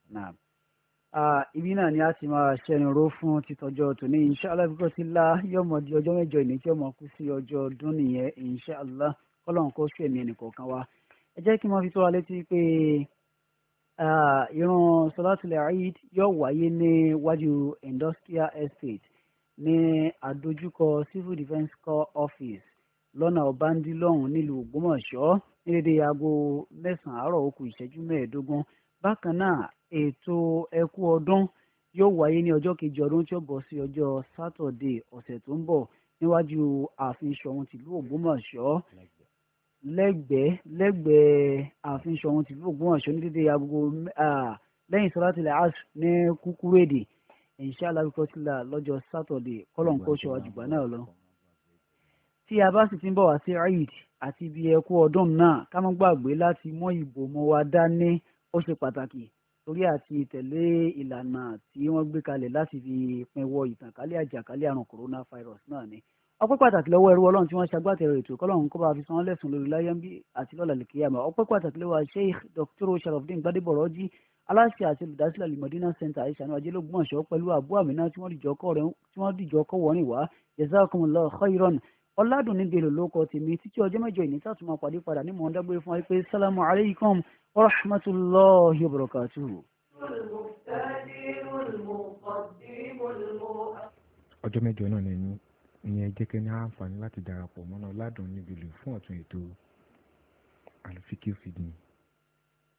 ibi náà ni a ti máa ṣẹnuró fún títọ́jọ́ tòní inṣàlá bí kò sí la yọmọ di ọjọ́ mẹ́jọ ìní tí ọmọ kú sí ọjọ́ ọdún nìyẹn inṣàlá kọ́lọ́n kó sí ẹ̀mí ẹnìkọ̀ọ̀kan wa ẹ jẹ́ kí n máa fi tó wa létí pé ìrun sọlátìlẹ̀ eid yóò wáyé ní wájú industrial estate ní àdójúkọ civil defence corps office lọ́nà ọ̀bándílọ́hún nílùú ògbómọ̀ṣọ́ nídéédé aago mẹ́sàn-án àárọ̀ ó kù ìṣẹ́jú mẹ́ẹ̀ẹ́dógún bákan náà ètò ẹkú ọdún yóò wáyé ní ọjọ́ kejì ọdún tí ó bọ̀ sí ọjọ́ sátọ̀dé ọ̀sẹ̀ tó ń bọ̀ níwájú ààfin ṣọ̀ún tìlú ògbómọ̀ṣọ́ lẹ́gbẹ̀ẹ́ lẹ́gbẹ̀ẹ́ ààfin ṣọ̀ún tìlú ògbómọ̀ṣọ́ ní dédé agogo lẹ́yìn sọ́látìlẹ̀ ash ní kúkúrú èdè inshallah bíkọ́sílà lọ́jọ́ sátọ̀dé kọ́lọ̀ǹkọ́ṣọ́ àjùgbà náà lọ. tí a bá sì ti ń bọ̀ wá sí eid àti ibi ẹ̀kú ọdún náà ká má gbàgbé láti mọ ìbò mọ́ wa dání ó ṣe pàtàkì torí àti tẹ̀lé ìlànà tí wọ́n gbé kalẹ̀ láti fi pinwọ́ ìtànkálẹ̀ àjàkálẹ̀ àrùn coronavirus náà ni ọpẹ́ pàtàkì lọ́wọ́ ẹrú ọlọ́run tí wọ́n ṣagbátẹrù ètò kọ́lọ́run kó bá fi san án lẹ́sùn lórí láyánbí àti lọ́la lìkìyàmà ọpẹ́ pàtàkì lọ́wọ́ sheikh dr sharafdin gbadebọ̀rọ̀ jí aláṣẹ àti olùdásílẹ̀ alimọ̀dínà center àìsàn ajẹ́lógún ọ̀ṣọ́ pẹ̀lú àbú àmínà tí wọ́n dìjọ́ kọ́ wọ́n rìn wá jazakumullahu khairan ọ̀làdùnní belò ló kọ tèmi títí ọjọ́ mẹ́jọ ìní sátúmọ̀ pàdé padà ní mọ̀ọ́dá gbé fún wa náà ni ìyẹn jẹ́ kẹ́ ní àǹfààní láti darapọ̀ mọ́nà ládùn níbi lè fún ọ̀tún ètò àlùfíkì fìdí